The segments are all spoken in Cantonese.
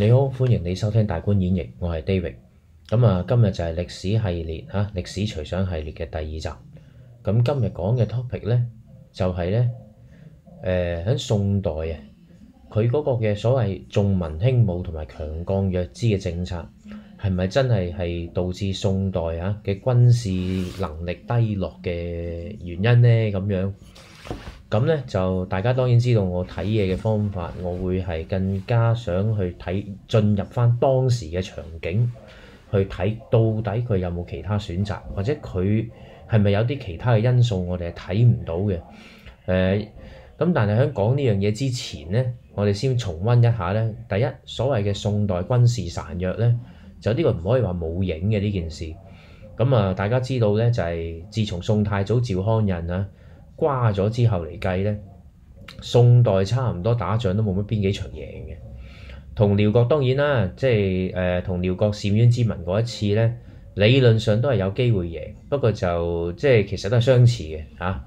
你好，歡迎你收聽大觀演繹，我係 David，咁啊，今日就係歷史系列吓歷史隨想系列嘅第二集，咁今日講嘅 topic 呢，就係、是、呢，誒、呃、喺宋代啊，佢嗰個嘅所謂重文輕武同埋強幹弱枝嘅政策，係咪真係係導致宋代啊嘅軍事能力低落嘅原因呢？咁樣？咁咧就大家當然知道我睇嘢嘅方法，我會係更加想去睇進入翻當時嘅場景，去睇到底佢有冇其他選擇，或者佢係咪有啲其他嘅因素我哋係睇唔到嘅？誒、呃，咁但係喺講呢樣嘢之前咧，我哋先重温一下咧。第一，所謂嘅宋代軍事孱弱咧，就呢個唔可以話冇影嘅呢件事。咁、嗯、啊、呃，大家知道咧就係、是、自從宋太祖趙匡胤啊，瓜咗之後嚟計呢，宋代差唔多打仗都冇乜邊幾場贏嘅。同遼國當然啦，即係誒同遼國澶淵之盟嗰一次呢，理論上都係有機會贏，不過就即係其實都係相似嘅嚇。誒、啊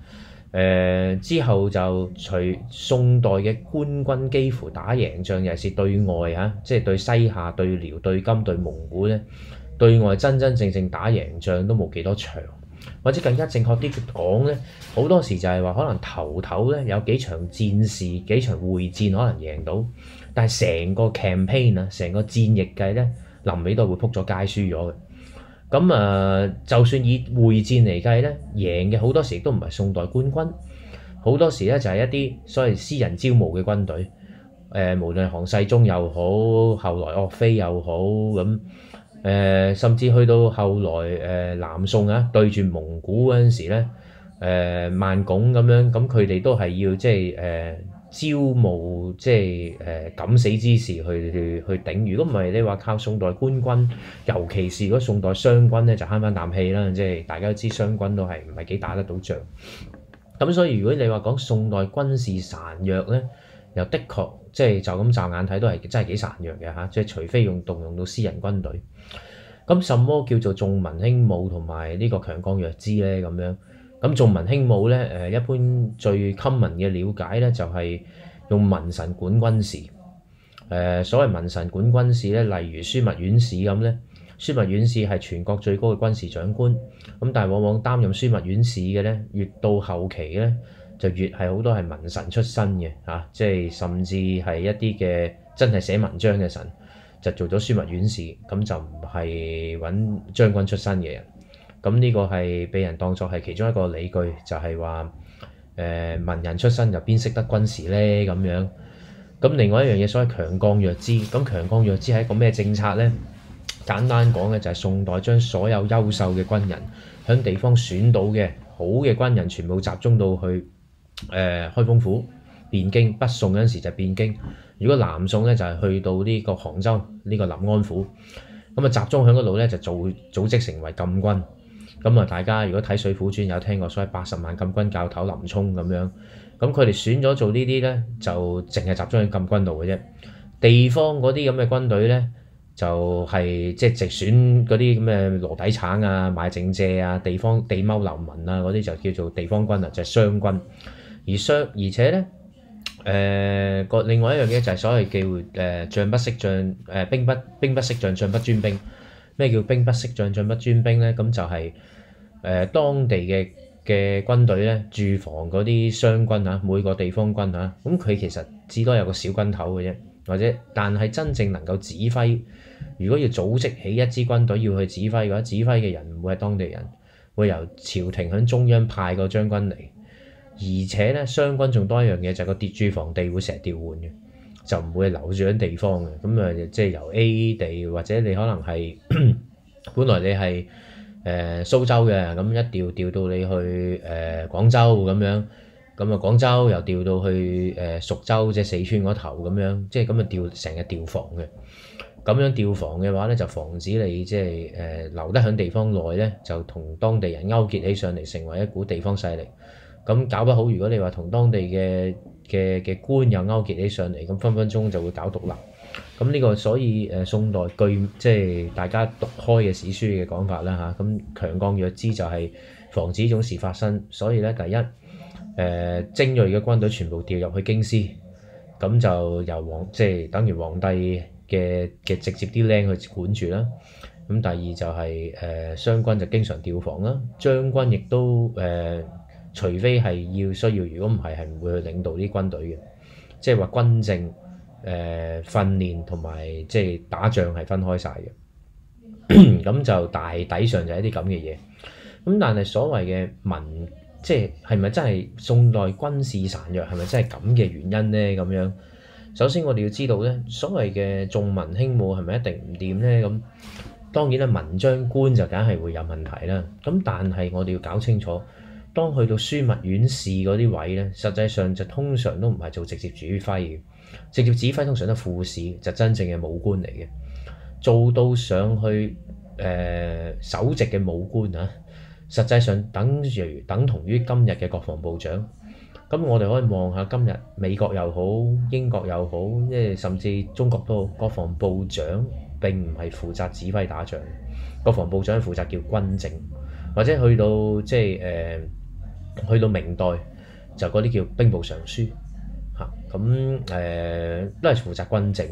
呃、之後就除宋代嘅官軍幾乎打贏仗，尤其是對外嚇、啊，即係對西夏、對遼、對金、對蒙古呢，對外真真正正，正打贏仗都冇幾多場。或者更加正確啲講呢，好多時就係話可能頭頭呢有幾場戰事、幾場會戰可能贏到，但係成個 campaign 啊，成個戰役計呢，臨尾都會撲咗街輸咗嘅。咁誒、呃，就算以會戰嚟計呢，贏嘅好多時都唔係宋代官軍，好多時呢就係、是、一啲所謂私人招募嘅軍隊。誒、呃，無論韓世忠又好，後來岳飛又好咁。誒、呃，甚至去到後來，誒、呃、南宋啊，對住蒙古嗰陣時咧，誒萬拱咁樣，咁佢哋都係要即係誒招募，即係誒、呃呃、敢死之士去去頂。如果唔係你話靠宋代官軍，尤其是嗰宋代廂軍咧，就慳翻啖氣啦。即係大家都知廂軍都係唔係幾打得到仗。咁所以如果你話講宋代軍事孱弱咧。又的確即係就咁、是、驟眼睇都係真係幾孱弱嘅嚇，即係除非用動用到私人軍隊。咁什麼叫做重文輕武同埋呢個強幹弱枝呢？咁樣咁重文輕武呢，誒一般最 common 嘅了解呢，就係、是、用文臣管軍事。誒、呃、所謂文臣管軍事呢，例如樞密院使咁呢，樞密院使係全國最高嘅軍事長官。咁但係往往擔任樞密院使嘅呢，越到後期呢。就越係好多係文臣出身嘅嚇、啊，即係甚至係一啲嘅真係寫文章嘅臣，就做咗樞密院使。咁就唔係揾將軍出身嘅人。咁呢個係畀人當作係其中一個理據，就係話誒文人出身又邊識得軍事呢？咁樣。咁另外一樣嘢，所謂強幹弱枝，咁強幹弱枝係一個咩政策呢？簡單講嘅就係宋代將所有優秀嘅軍人喺地方選到嘅好嘅軍人全部集中到去。誒、呃、開封府、汴京、北宋嗰陣時就汴京，如果南宋咧就係、是、去到呢個杭州呢、這個臨安府，咁啊集中喺嗰度咧就組組織成為禁軍，咁啊大家如果睇水滸傳有聽過，所謂八十萬禁軍教頭林沖咁樣，咁佢哋選咗做呢啲咧就淨係集中喺禁軍度嘅啫，地方嗰啲咁嘅軍隊咧就係、是、即係直選嗰啲咁嘅羅底橙啊、賣剩蔗啊、地方地踎流民啊嗰啲就叫做地方軍啊，就係、是、廂軍。而相而且咧，誒、呃、個另外一樣嘢就係所謂忌會誒將不識將，誒、呃、兵不兵不識將，將不專兵。咩叫兵不識將、將不專兵咧？咁就係、是、誒、呃、當地嘅嘅軍隊咧，駐防嗰啲廂軍啊，每個地方軍啊，咁佢其實至多有個小軍頭嘅啫，或者但係真正能夠指揮，如果要組織起一支軍隊要去指揮嘅話，或者指揮嘅人唔會係當地人，會由朝廷響中央派個將軍嚟。而且咧，廂軍仲多一樣嘢，就係、個駐防地會成日調換嘅，就唔會留住喺地方嘅。咁啊，即係由 A 地或者你可能係 本來你係誒、呃、蘇州嘅，咁一調調到你去誒、呃、廣州咁樣，咁啊廣州又調到去誒蜀州即係四川嗰頭咁樣，即係咁啊調成日調防嘅。咁樣調防嘅話咧，就防止你即係誒、呃、留得喺地方耐咧，就同當地人勾結起上嚟，成為一股地方勢力。咁搞不好，如果你話同當地嘅嘅嘅官又勾結起上嚟，咁分分鐘就會搞獨立。咁呢、呢個所以誒、呃、宋代據即係大家讀開嘅史書嘅講法啦嚇，咁強幹弱枝就係防止呢種事發生。所以咧，第一誒、呃、精鋭嘅軍隊全部調入去京師，咁就由皇即係等於皇帝嘅嘅直接啲僆去管住啦。咁、啊、第二就係誒廂軍就經常調防啦，將軍亦都誒。呃除非係要需要，如果唔係，係唔會去領導啲軍隊嘅，即係話軍政、誒、呃、訓練同埋即係打仗係分開晒嘅。咁 就大抵上就係一啲咁嘅嘢。咁但係所謂嘅文，即係係咪真係宋代軍事孱弱，係咪真係咁嘅原因呢？咁樣首先我哋要知道呢，所謂嘅重文輕武係咪一定唔掂呢？咁當然咧，文章官就梗係會有問題啦。咁但係我哋要搞清楚。當去到樞密院事嗰啲位呢，實際上就通常都唔係做直接指揮嘅，直接指揮通常都係副使，就係、真正嘅武官嚟嘅。做到上去誒、呃、首席嘅武官啊，實際上等於等同於今日嘅國防部長。咁我哋可以望下今日美國又好，英國又好，即係甚至中國都好，國防部長並唔係負責指揮打仗，國防部長負責叫軍政，或者去到即係誒。呃去到明代就嗰啲叫兵部尚書，嚇咁誒都係負責軍政。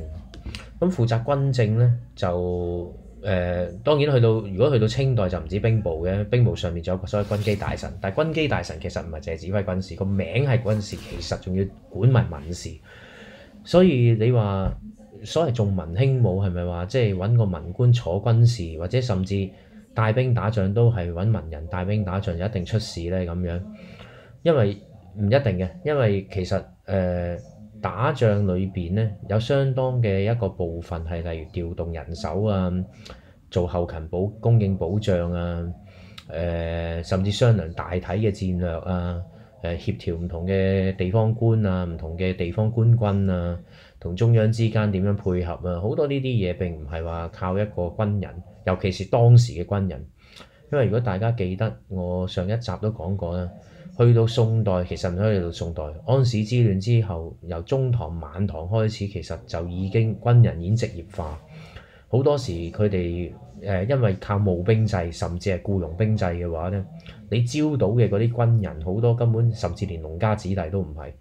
咁、啊、負責軍政呢，就誒、啊，當然去到如果去到清代就唔止兵部嘅，兵部上面仲有個所謂軍機大臣。但係軍機大臣其實唔係淨係指揮軍事，個名係軍事，其實仲要管埋民事。所以你話所謂重文輕武係咪話即係揾個文官坐軍事，或者甚至？帶兵打仗都係揾文人，帶兵打仗就一定出事呢咁樣，因為唔一定嘅，因為其實誒、呃、打仗裏邊呢，有相當嘅一個部分係例如調動人手啊，做後勤保供應保障啊，誒、呃、甚至商量大體嘅戰略啊，誒協調唔同嘅地方官啊，唔同嘅地方官軍啊，同中央之間點樣配合啊，好多呢啲嘢並唔係話靠一個軍人。尤其是當時嘅軍人，因為如果大家記得我上一集都講過啦，去到宋代其實唔可以，去到宋代安史之亂之後，由中唐晚唐開始，其實就已經軍人演職業化，好多時佢哋誒因為靠募兵制，甚至係僱傭兵制嘅話呢，你招到嘅嗰啲軍人好多根本甚至連農家子弟都唔係，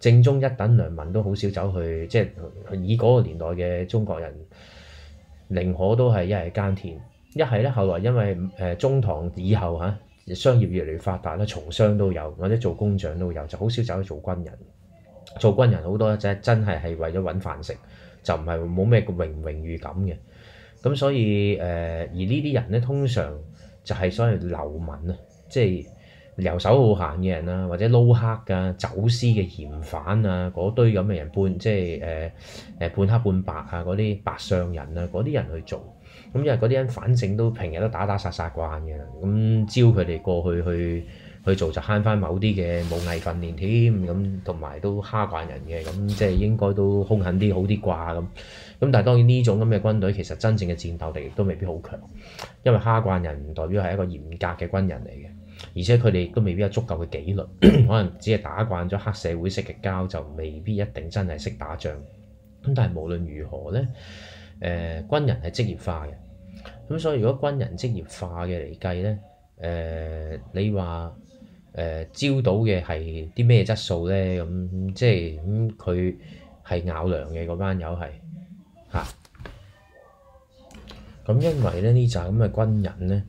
正宗一等良民，都好少走去，即係、就是、以嗰個年代嘅中國人。寧可都係一係耕田，一係咧後來因為誒中唐以後嚇商業越嚟越發達咧，從商都有或者做工長都有，就好少走去做軍人。做軍人好多，一真係係為咗揾飯食，就唔係冇咩榮榮譽感嘅。咁所以誒、呃，而呢啲人咧通常就係所謂流民啊，即係。遊手好閒嘅人啊，或者撈黑噶走私嘅嫌犯啊，嗰堆咁嘅人半即係誒誒半黑半白啊，嗰啲白上人啊，嗰啲人去做咁、嗯，因為嗰啲人反正都平日都打打殺殺慣嘅，咁招佢哋過去去去做就慳翻某啲嘅武藝訓練添，咁同埋都蝦慣人嘅，咁、嗯、即係應該都兇狠啲好啲啩咁。咁、嗯、但係當然呢種咁嘅軍隊其實真正嘅戰鬥力都未必好強，因為蝦慣人唔代表係一個嚴格嘅軍人嚟嘅。而且佢哋都未必有足夠嘅紀律， 可能只係打慣咗黑社會式嘅交，就未必一定真係識打仗。咁但係無論如何咧，誒、呃、軍人係職業化嘅，咁所以如果軍人職業化嘅嚟計咧，誒、呃、你話誒、呃、招到嘅係啲咩質素咧？咁即係咁佢係咬糧嘅嗰班友係嚇。咁、啊、因為咧呢扎咁嘅軍人咧。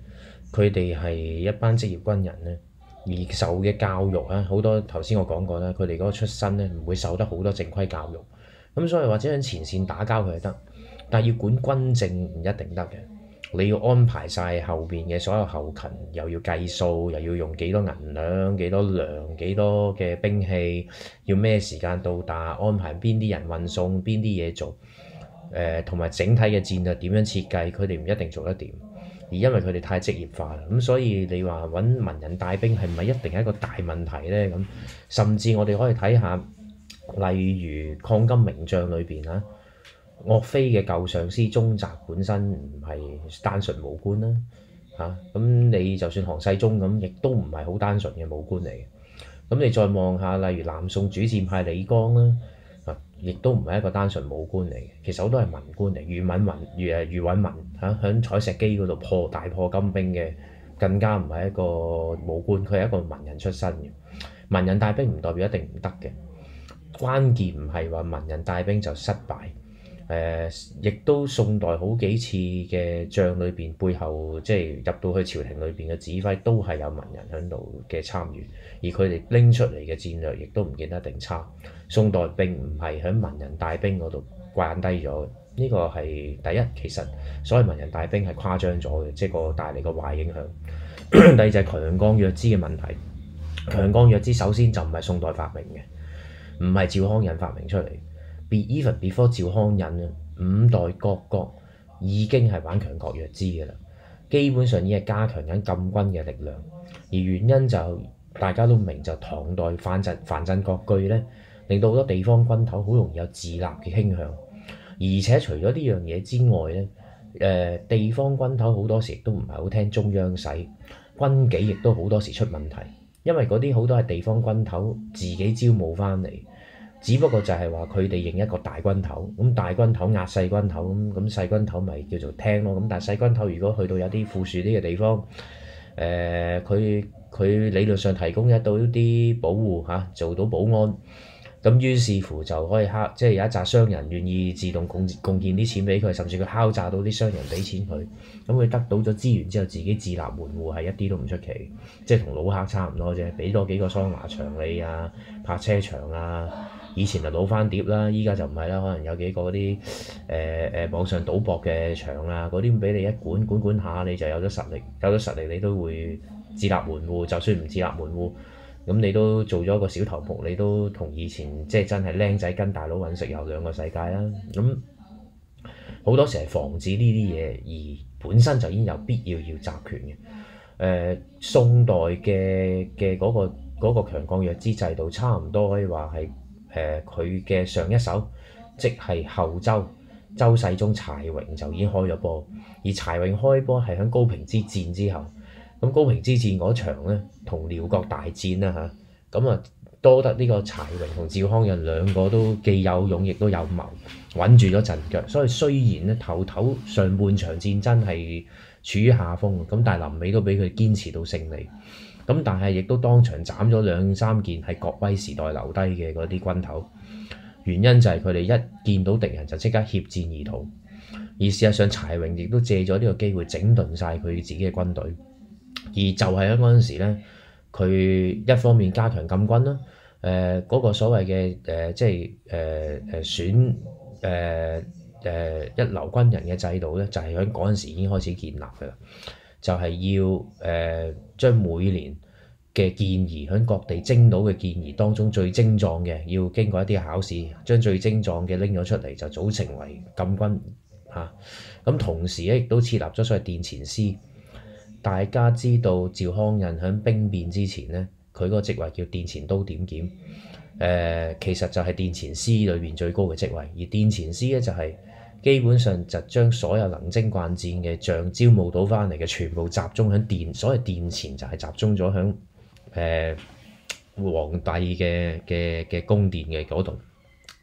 佢哋係一班職業軍人咧，而受嘅教育啊，好多頭先我講過啦，佢哋嗰個出身咧唔會受得好多正規教育，咁所以或者喺前線打交佢係得，但係要管軍政唔一定得嘅，你要安排晒後邊嘅所有後勤，又要計數，又要用幾多銀兩、幾多糧、幾多嘅兵器，要咩時間到達，安排邊啲人運送邊啲嘢做，誒同埋整體嘅戰略點樣設計，佢哋唔一定做得掂。而因為佢哋太職業化啦，咁所以你話揾文人帶兵係唔係一定係一個大問題呢？咁甚至我哋可以睇下，例如抗金名將裏邊啊，岳飛嘅舊上司宗澤本身唔係單純武官啦，嚇咁你就算韓世忠咁，亦都唔係好單純嘅武官嚟嘅。咁你再望下，例如南宋主戰派李綱啦。亦都唔係一個單純武官嚟嘅，其實我都係文官嚟，虞允文，虞、虞允文，響、啊、采石磯嗰度破大破金兵嘅，更加唔係一個武官，佢係一個文人出身嘅，文人帶兵唔代表一定唔得嘅，關鍵唔係話文人帶兵就失敗。誒，亦、呃、都宋代好幾次嘅將裏邊背後，即係入到去朝廷裏邊嘅指揮，都係有文人喺度嘅參與，而佢哋拎出嚟嘅戰略，亦都唔見得一定差。宋代並唔係喺文人大兵文人帶兵嗰度慣低咗，呢、這個係第一。其實所謂文人帶兵係誇張咗嘅，即係個帶嚟個壞影響。 第二就係強幹弱枝嘅問題。強幹弱枝首先就唔係宋代發明嘅，唔係趙匡胤發明出嚟。別 even before 趙匡胤，五代各國已經係玩強幹弱枝嘅啦。基本上已經係加強緊禁軍嘅力量，而原因就大家都明，就唐代藩鎮藩鎮割據呢，令到好多地方軍頭好容易有自立嘅傾向。而且除咗呢樣嘢之外呢，誒、呃、地方軍頭好多時亦都唔係好聽中央使，軍紀亦都好多時出問題，因為嗰啲好多係地方軍頭自己招募翻嚟。只不過就係話佢哋認一個大軍頭，咁大軍頭壓細軍頭咁，咁細軍頭咪叫做聽咯。咁但係細軍頭如果去到有啲富庶啲嘅地方，誒、呃，佢佢理論上提供得到一啲保護嚇、啊，做到保安咁，於是乎就可以敲，即係有一紮商人願意自動貢貢獻啲錢俾佢，甚至佢敲詐到啲商人俾錢佢。咁佢得到咗資源之後，自己自立門戶係一啲都唔出奇，即係同老客差唔多啫，俾多幾個桑拿場你啊，泊車場啊。以前就老翻碟啦，依家就唔係啦。可能有幾個嗰啲誒誒網上賭博嘅場啊，嗰啲俾你一管管管下，你就有咗實力，有咗實力你都會自立門戶。就算唔自立門戶，咁你都做咗個小頭目，你都同以前即係真係靚仔跟大佬揾食有兩個世界啦。咁好多時係防止呢啲嘢，而本身就已經有必要要集權嘅。誒、呃，宋代嘅嘅嗰個嗰、嗰個強幹弱枝制度，差唔多可以話係。佢嘅上一手，即係後周周世宗柴榮就已經開咗波，而柴榮開波係喺高平之戰之後。咁高平之戰嗰場呢，同遼國大戰啦嚇，咁啊多得呢個柴榮同趙匡胤兩個都既有勇亦都有謀，穩住咗陣腳。所以雖然呢頭頭上半場戰爭係處於下風，咁但係臨尾都俾佢堅持到勝利。咁但係亦都當場斬咗兩三件喺郭威時代留低嘅嗰啲軍頭，原因就係佢哋一見到敵人就即刻怯戰而逃。而事實上柴榮亦都借咗呢個機會整頓晒佢自己嘅軍隊，而就係喺嗰陣時呢，佢一方面加強禁軍啦，誒、呃、嗰、嗰個所謂嘅誒、呃、即係誒誒選誒誒、呃呃、一流軍人嘅制度呢，就係喺嗰陣時已經開始建立嘅。就係要誒將、呃、每年嘅建議，喺各地徵到嘅建議當中最精壯嘅，要經過一啲考試，將最精壯嘅拎咗出嚟就組成為禁軍嚇。咁、啊嗯、同時咧亦都設立咗所謂殿前司。大家知道趙匡胤喺兵變之前咧，佢嗰個職位叫殿前都點檢，誒、呃、其實就係殿前司裏邊最高嘅職位，而殿前司咧就係、是。基本上就將所有能征慣戰嘅將招募到翻嚟嘅，全部集中喺殿，所謂殿前就係集中咗，響誒皇帝嘅嘅嘅宮殿嘅嗰度，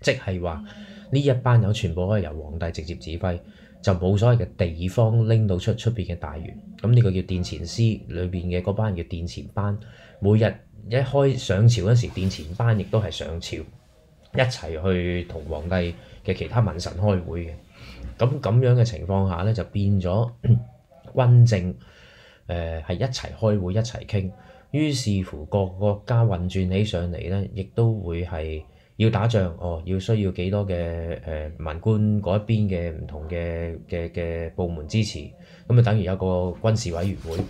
即係話呢一班人全部可以由皇帝直接指揮，就冇所謂嘅地方拎到出出邊嘅大員，咁呢個叫殿前司裏邊嘅嗰班人叫殿前班。每日一開上朝嗰陣時殿前班亦都係上朝，一齊去同皇帝嘅其他文臣開會嘅。咁咁樣嘅情況下呢，就變咗 軍政誒係、呃、一齊開會一齊傾，於是乎各個國家運轉起上嚟呢，亦都會係要打仗哦，要需要幾多嘅誒文官嗰一邊嘅唔同嘅嘅嘅部門支持，咁、嗯、啊等於有個軍事委員會，呢、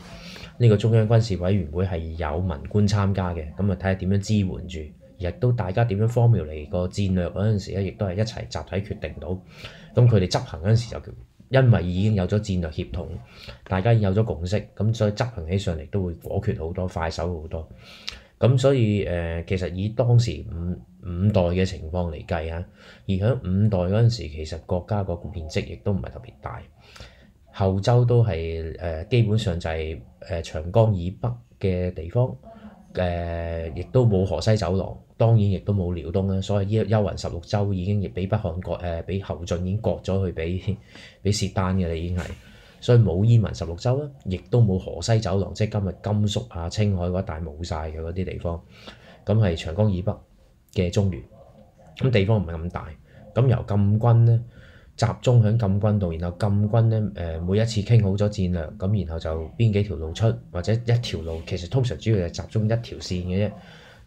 這個中央軍事委員會係有文官參加嘅，咁啊睇下點樣支援住，亦都大家點樣 formulate 個戰略嗰陣時咧，亦都係一齊集體決定到。咁佢哋執行嗰陣時就叫，因為已經有咗戰略協同，大家有咗共識，咁所以執行起上嚟都會果決好多、快手好多。咁所以誒、呃，其實以當時五五代嘅情況嚟計啊，而喺五代嗰陣時，其實國家個面積亦都唔係特別大，後周都係誒、呃、基本上就係誒長江以北嘅地方，誒、呃、亦都冇河西走廊。當然亦都冇遼東啦，所以幽幽雲十六州已經亦俾北漢國誒俾侯俊已經割咗去俾俾薛丹嘅啦，已經係，所以冇燕雲十六州啦，亦都冇河西走廊，即係今日甘肅啊青海嗰一帶冇晒嘅嗰啲地方，咁係長江以北嘅中原，咁地方唔係咁大，咁由禁軍呢集中喺禁軍度，然後禁軍呢誒、呃、每一次傾好咗戰略，咁然後就邊幾條路出，或者一條路，其實通常主要係集中一條線嘅啫。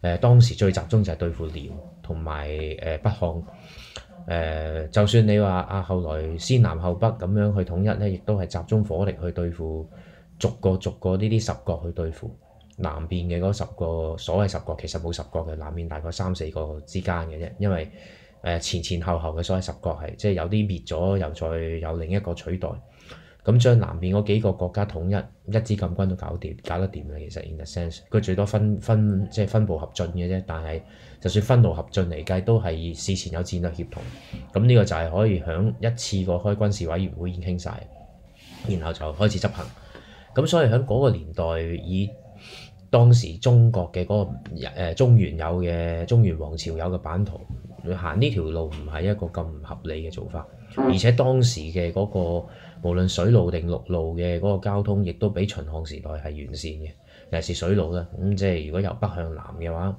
誒、呃、當時最集中就係對付遼同埋北漢，呃，就算你話阿、啊、後來先南後北咁樣去統一呢，亦都係集中火力去對付逐個逐個呢啲十國去對付。南邊嘅嗰十個所謂十國其實冇十國嘅，南邊大概三四個之間嘅啫。因為、呃、前前後後嘅所謂十國係即係有啲滅咗，又再有另一個取代。咁將南邊嗰幾個國家統一，一支禁軍都搞掂，搞得掂啦。其實 in a sense，佢最多分分即係分步合進嘅啫。但係就算分步合進嚟計，都係事前有戰略協同。咁呢個就係可以響一次過開軍事委員會已經傾晒，然後就開始執行。咁所以喺嗰個年代，以當時中國嘅嗰、嗰個、呃、中原有嘅中原王朝有嘅版圖。行呢條路唔係一個咁唔合理嘅做法，而且當時嘅嗰、那個無論水路定陸路嘅嗰個交通，亦都比秦漢時代係完善嘅，尤其是水路啦。咁、嗯、即係如果由北向南嘅話，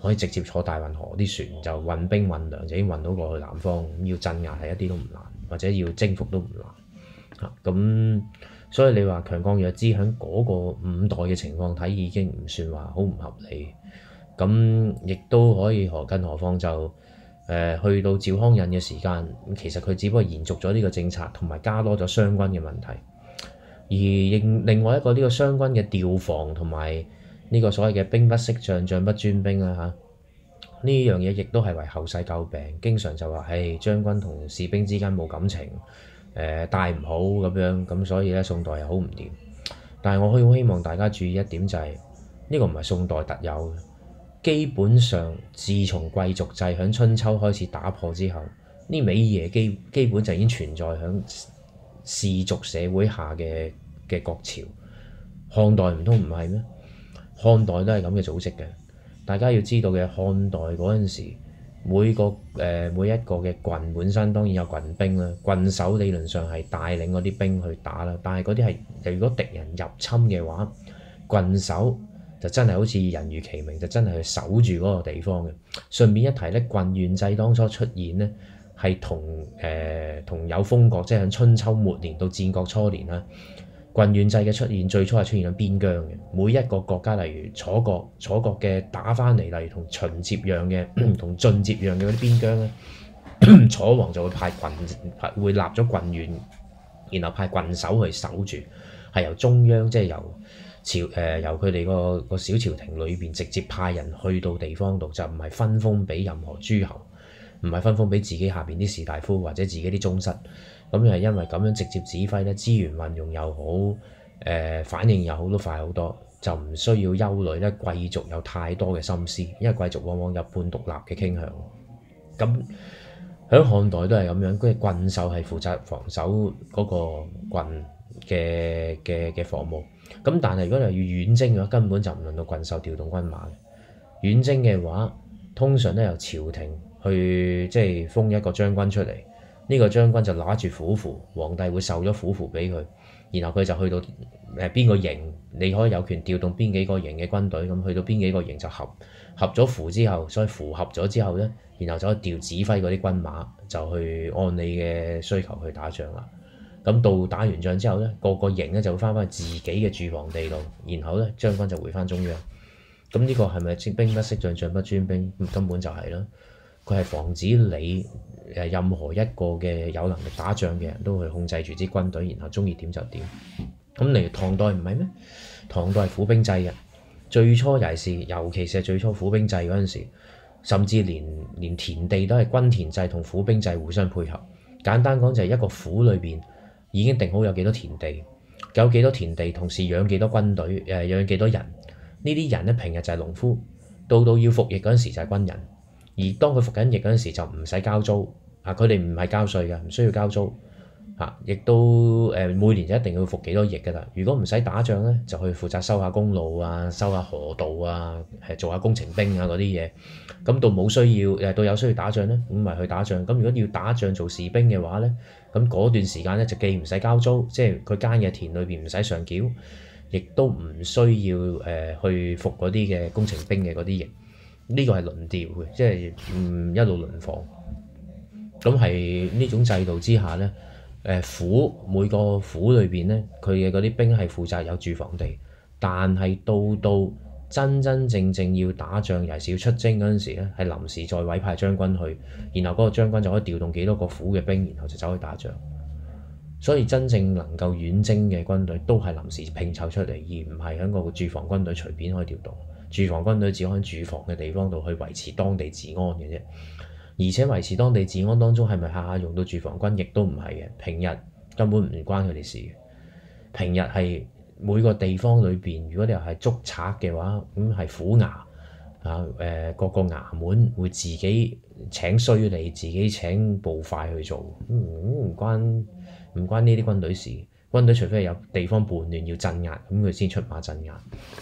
可以直接坐大運河啲船就運兵運糧，就已經運到過去南方。嗯、要鎮壓係一啲都唔難，或者要征服都唔難嚇。咁、啊、所以你話強幹弱枝喺嗰個五代嘅情況睇，已經唔算話好唔合理。咁亦都可以何，更何況就。去到趙匡胤嘅時間，其實佢只不過延續咗呢個政策，同埋加多咗相關嘅問題。而另外一個呢、這個相關嘅調防，同埋呢個所謂嘅兵不識將，將不專兵啊，呢樣嘢亦都係為後世詬病。經常就話，誒，將軍同士兵之間冇感情，誒、呃、帶唔好咁樣，咁所以呢，宋代又好唔掂。但係我可以好希望大家注意一點就係、是，呢、這個唔係宋代特有嘅。基本上，自從貴族制喺春秋開始打破之後，呢味嘢基基本就已經存在喺氏族社會下嘅嘅國潮。漢代唔通唔係咩？漢代都係咁嘅組織嘅。大家要知道嘅，漢代嗰陣時每個誒、呃、每一個嘅郡本身當然有郡兵啦，郡守理論上係帶領嗰啲兵去打啦。但係嗰啲係如果敵人入侵嘅話，郡守。就真係好似人如其名，就真係去守住嗰個地方嘅。順便一提咧，郡縣制當初出現呢，係同誒、呃、同有封國，即係春秋末年到戰國初年啦。郡縣制嘅出現最初係出現喺邊疆嘅。每一個國家，例如楚國，楚國嘅打翻嚟，例如同秦接壤嘅、同晉接壤嘅嗰啲邊疆咧，楚王就會派郡會立咗郡縣，然後派郡守去守住，係由中央即係、就是、由。朝誒，由佢哋個個小朝廷裏邊直接派人去到地方度，就唔係分封俾任何諸侯，唔係分封俾自己下邊啲士大夫或者自己啲宗室。咁又係因為咁樣直接指揮咧，資源運用又好，誒反應又好都快好多，就唔需要憂慮咧貴族有太多嘅心思，因為貴族往往有半獨立嘅傾向。咁喺漢代都係咁樣，嗰啲郡守係負責防守嗰個郡嘅嘅嘅防務。咁但係如果你要遠征嘅話，根本就唔輪到郡守調動軍馬。遠征嘅話，通常都由朝廷去即係封一個將軍出嚟，呢個將軍就攞住虎符，皇帝會授咗虎符俾佢，然後佢就去到誒邊個營，你可以有權調動邊幾個營嘅軍隊，咁去到邊幾個營就合合咗符之後，所以符合咗之後呢，然後就去調指揮嗰啲軍馬，就去按你嘅需求去打仗啦。咁到打完仗之後呢，個個營呢就會翻翻去自己嘅住房地度，然後呢將軍就回翻中央。咁呢個係咪兵不識將，將不專兵？根本就係啦。佢係防止你任何一個嘅有能力打仗嘅人都去控制住支軍隊，然後中意點就點。咁嚟唐代唔係咩？唐代係府兵制嘅，最初就係尤其是係最初府兵制嗰陣時，甚至連連田地都係軍田制同府兵制互相配合。簡單講就係一個府裏邊。已經定好有幾多田地，有幾多田地，同時養幾多軍隊，誒養幾多人？人呢啲人咧，平日就係農夫，到到要服役嗰陣時就係軍人。而當佢服緊役嗰陣時就唔使交租，啊佢哋唔係交稅嘅，唔需要交租，亦、啊、都誒、呃、每年就一定要服幾多役㗎啦。如果唔使打仗呢，就去負責修下公路啊、修下河道啊、做下工程兵啊嗰啲嘢。咁、啊、到冇需要，誒、啊、到有需要打仗呢，咁咪去打仗。咁、啊、如果要打仗做士兵嘅話呢。咁嗰段時間咧就既唔使交租，即係佢間嘅田裏邊唔使上繳，亦都唔需要誒、呃、去服嗰啲嘅工程兵嘅嗰啲嘢。呢、這個係輪調嘅，即係唔一路輪防。咁係呢種制度之下呢，誒、呃、府每個府裏邊呢，佢嘅嗰啲兵係負責有住房地，但係到到。真真正正要打仗又係要出征嗰陣時咧，係臨時再委派將軍去，然後嗰個將軍就可以調動幾多個府嘅兵，然後就走去打仗。所以真正能夠遠征嘅軍隊都係臨時拼湊出嚟，而唔係喺個駐防軍隊隨便可以調動。駐防軍隊只可以駐防嘅地方度去維持當地治安嘅啫。而且維持當地治安當中係咪下下用到駐防軍？亦都唔係嘅，平日根本唔關佢哋事嘅。平日係。每個地方裏邊，如果你係捉賊嘅話，咁、嗯、係虎牙啊！誒、呃，各個衙門會自己請稅吏，自己請捕快去做，咁、嗯、唔、嗯、關唔關呢啲軍隊事？軍隊除非係有地方叛亂要鎮壓，咁佢先出馬鎮壓。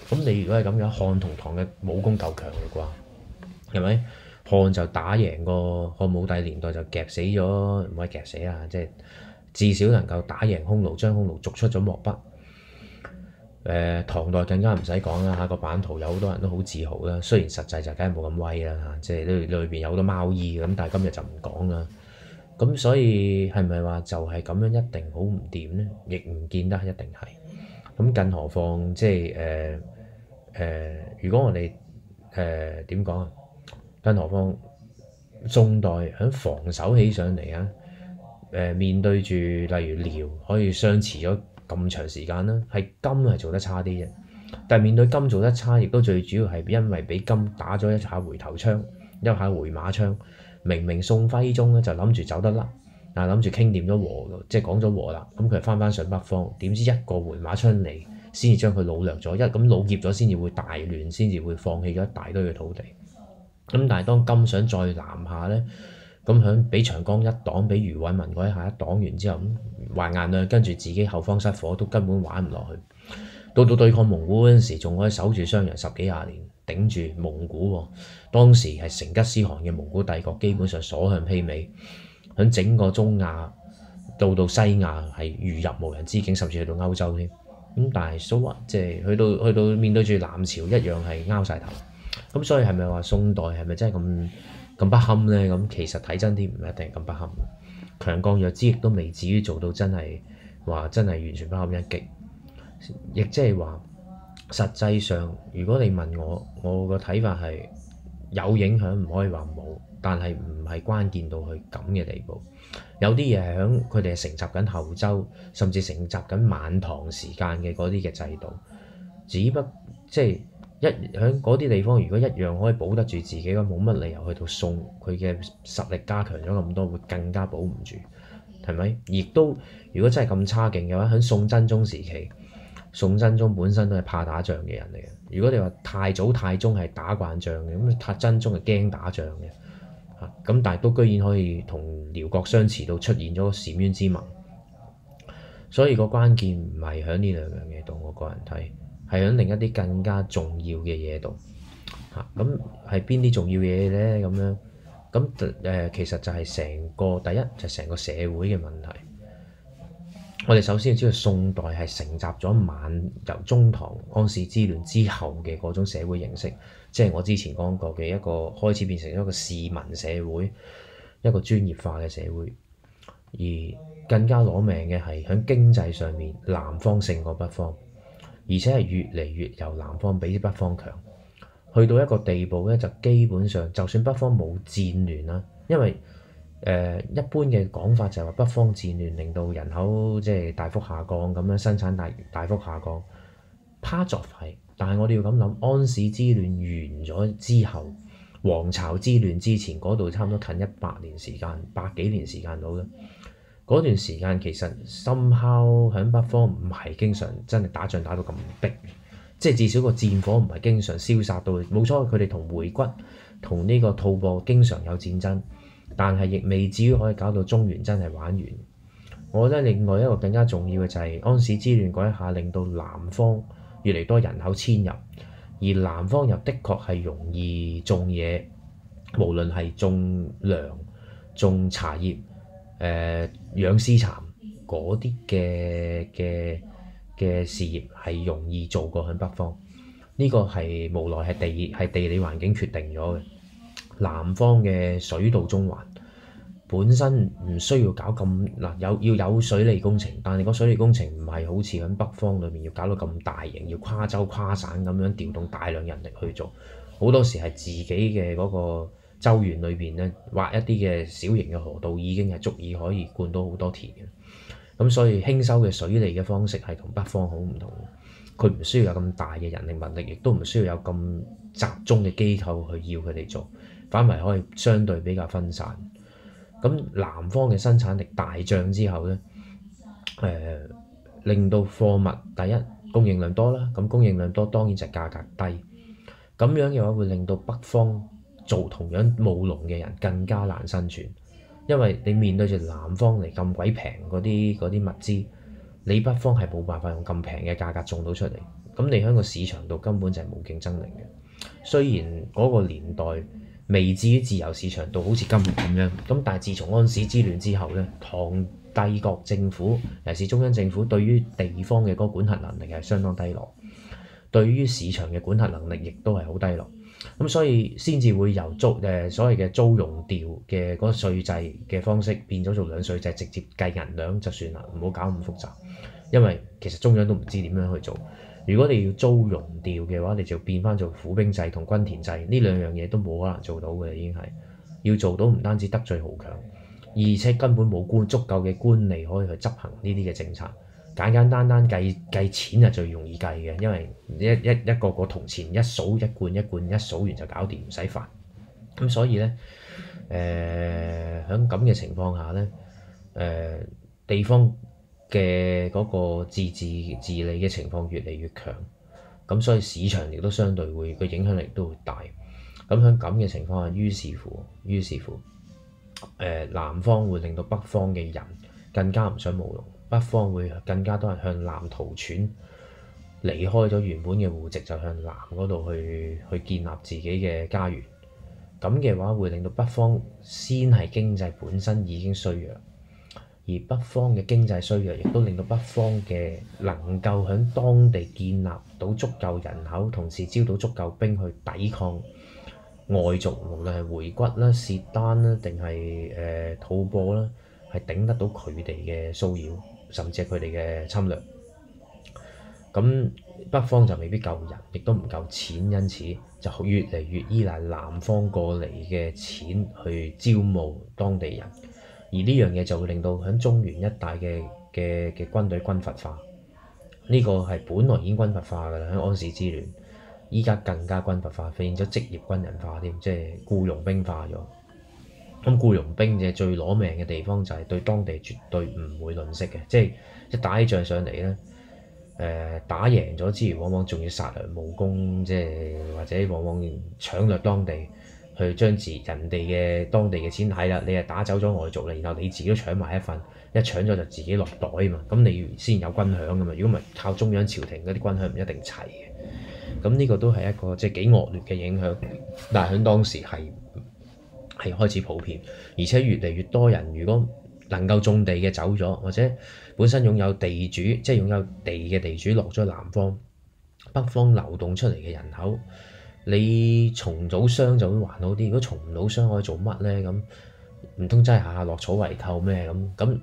咁你如果係咁樣，漢同唐嘅武功夠強嘅啩？係咪？漢就打贏個漢武帝年代就夾死咗，唔可以夾死啊！即、就、係、是、至少能夠打贏匈奴，將匈奴逐出咗漠北。誒唐、呃、代更加唔使講啦嚇，個版圖有好多人都好自豪啦。雖然實際就梗係冇咁威啦嚇、啊，即係都裏邊有好多貓膩嘅咁，但係今日就唔講啦。咁、啊、所以係咪話就係咁樣一定好唔掂咧？亦唔見得一定係。咁更何況即係誒誒，如果我哋誒點講啊？更何況宋、呃呃呃、代喺防守起上嚟啊，誒面對住例如遼可以相持咗咁長時間呢，係金係做得差啲嘅。但係面對金做得差，亦都最主要係因為俾金打咗一下回頭槍，一,一下回馬槍。明明宋徽宗呢，就諗住走得甩，但諗住傾掂咗和，即係講咗和啦。咁佢翻翻上北方，點知一個回馬槍嚟，先至將佢老掠咗，因為，咁老劫咗先至會大亂，先至會放棄咗一大堆嘅土地。咁但係當金想再南下呢？咁響畀長江一擋，畀虞允文嗰一下一擋完之後，咁壞硬啊！跟住自己後方失火，都根本玩唔落去。到到對抗蒙古嗰陣時，仲可以守住襄陽十幾廿年，頂住蒙古。當時係成吉思汗嘅蒙古帝國，基本上所向披靡，響整個中亞到到西亞係如入無人之境，甚至去到歐洲添。咁、嗯、但係所話即係去到去到面對住南朝一樣係拗晒頭。咁、嗯、所以係咪話宋代係咪真係咁？咁不堪呢？咁其實睇真啲唔一定咁不堪。強幹弱枝亦都未至於做到真係話真係完全不堪一擊，亦即係話實際上，如果你問我，我個睇法係有影響，唔可以話冇，但係唔係關鍵到去咁嘅地步。有啲嘢係響佢哋係承襲緊後周，甚至承襲緊晚唐時間嘅嗰啲嘅制度，只不即係。一喺嗰啲地方，如果一樣可以保得住自己嘅，冇乜理由去到宋。佢嘅實力加強咗咁多，會更加保唔住，係咪？亦都如果真係咁差勁嘅話，喺宋真宗時期，宋真宗本身都係怕打仗嘅人嚟嘅。如果你話太祖、太宗係打慣仗嘅，咁太真宗係驚打仗嘅，嚇咁但係都居然可以同遼國相持到出現咗個澶淵之盟，所以個關鍵唔係喺呢兩樣嘢度，我個人睇。係響另一啲更加重要嘅嘢度嚇，咁係邊啲重要嘢咧？咁樣咁誒、呃，其實就係成個第一就成、是、個社會嘅問題。我哋首先要知道宋代係承襲咗晚由中唐安史之亂之後嘅嗰種社會形式，即係我之前講過嘅一個開始變成一個市民社會，一個專業化嘅社會。而更加攞命嘅係喺經濟上面，南方勝過北方。而且係越嚟越由南方比北方強，去到一個地步咧，就基本上就算北方冇戰亂啦，因為誒、呃、一般嘅講法就係話北方戰亂令到人口即係大幅下降，咁樣生產大大幅下降，part of 係，但係我哋要咁諗，安史之亂完咗之後，黃巢之亂之前嗰度差唔多近一百年時間，百幾年時間到啦。嗰段時間其實，深烤響北方唔係經常真係打仗打到咁逼，即係至少個戰火唔係經常消殺到。冇錯，佢哋同回鶻同呢個吐蕃經常有戰爭，但係亦未至於可以搞到中原真係玩完。我覺得另外一個更加重要嘅就係安史之亂嗰一下令到南方越嚟多人口遷入，而南方又的確係容易種嘢，無論係種糧、種茶葉。誒、呃、養絲綢嗰啲嘅嘅嘅事業係容易做過喺北方，呢、這個係無奈係地係地理環境決定咗嘅。南方嘅水道縱橫本身唔需要搞咁嗱、呃、有要有水利工程，但係個水利工程唔係好似喺北方裏面要搞到咁大型，要跨州跨省咁樣調動大量人力去做，好多時係自己嘅嗰、那個。周園裏邊呢，挖一啲嘅小型嘅河道，已經係足以可以灌到好多田嘅。咁所以輕收嘅水利嘅方式係同北方好唔同，佢唔需要有咁大嘅人力物力，亦都唔需要有咁集中嘅機構去要佢哋做，反為可以相對比較分散。咁南方嘅生產力大漲之後呢，誒、呃、令到貨物第一供應量多啦，咁供應量多當然就係價格低。咁樣嘅話會令到北方做同樣務農嘅人更加難生存，因為你面對住南方嚟咁鬼平嗰啲嗰啲物資，你北方係冇辦法用咁平嘅價格種到出嚟，咁你喺個市場度根本就係冇競爭力嘅。雖然嗰個年代未至於自由市場度好似今日咁樣，咁但係自從安史之亂之後呢，唐帝國政府尤其是中央政府對於地方嘅嗰管轄能力係相當低落，對於市場嘅管轄能力亦都係好低落。咁、嗯、所以先至會由租誒、呃、所謂嘅租庸調嘅嗰個稅制嘅方式變咗做兩稅制，直接計銀兩就算啦，唔好搞咁複雜。因為其實中央都唔知點樣去做。如果你要租庸調嘅話，你就變返做府兵制同均田制呢兩樣嘢都冇可能做到嘅，已經係要做到唔單止得罪豪強，而且根本冇官足夠嘅官吏可以去執行呢啲嘅政策。簡簡單單計計錢係最容易計嘅，因為一一一個個銅錢一數一貫一貫一,一數完就搞掂，唔使煩。咁所以呢，誒喺咁嘅情況下呢，誒、呃、地方嘅嗰個自治治理嘅情況越嚟越強。咁所以市場亦都相對會個影響力都會大。咁喺咁嘅情況下，於是乎，於是乎，誒、呃、南方會令到北方嘅人更加唔想冒用。北方會更加多人向南逃竄，離開咗原本嘅戶籍，就向南嗰度去去建立自己嘅家園。咁嘅話會令到北方先係經濟本身已經衰弱，而北方嘅經濟衰弱，亦都令到北方嘅能夠喺當地建立到足夠人口，同時招到足夠兵去抵抗外族，無論係回鶻啦、契丹啦，定係誒吐蕃啦，係頂得到佢哋嘅騷擾。甚至佢哋嘅侵略，咁北方就未必夠人，亦都唔夠錢，因此就越嚟越依賴南方過嚟嘅錢去招募當地人，而呢樣嘢就會令到喺中原一帶嘅嘅嘅軍隊軍閥化，呢、呢個係本來已經軍閥化㗎啦，喺安史之亂，依家更加軍閥化，發現咗職業軍人化添，即係僱傭兵化咗。咁雇傭兵就最攞命嘅地方，就係對當地絕對唔會吝嗇嘅，即係一打起仗上嚟咧，誒、呃、打贏咗之餘，往往仲要殺良冒功，即係或者往往搶掠當地，去將自人哋嘅當地嘅錢係啦，你係打走咗外族咧，然後你自己都搶埋一份，一搶咗就自己落袋啊嘛，咁你要先有軍餉啊嘛，如果唔係靠中央朝廷嗰啲軍餉唔一定齊嘅，咁呢個都係一個即係幾惡劣嘅影響。但係喺當時係。係開始普遍，而且越嚟越多人，如果能夠種地嘅走咗，或者本身擁有地主，即係擁有地嘅地主落咗南方、北方流動出嚟嘅人口，你從到商就會還好啲。如果從唔到商，我做乜呢？咁唔通即係下下落草為寇咩咁？咁誒、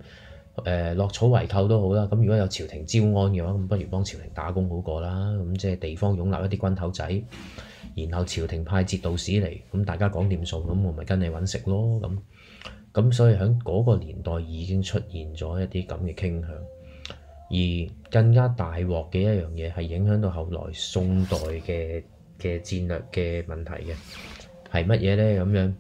呃、落草為寇都好啦。咁如果有朝廷招安嘅話，咁不如幫朝廷打工好過啦。咁即係地方擁立一啲軍頭仔。然後朝廷派節度使嚟，咁大家講掂數，咁我咪跟你揾食咯，咁咁所以喺嗰個年代已經出現咗一啲咁嘅傾向。而更加大鑊嘅一樣嘢係影響到後來宋代嘅嘅戰略嘅問題嘅，係乜嘢呢？咁樣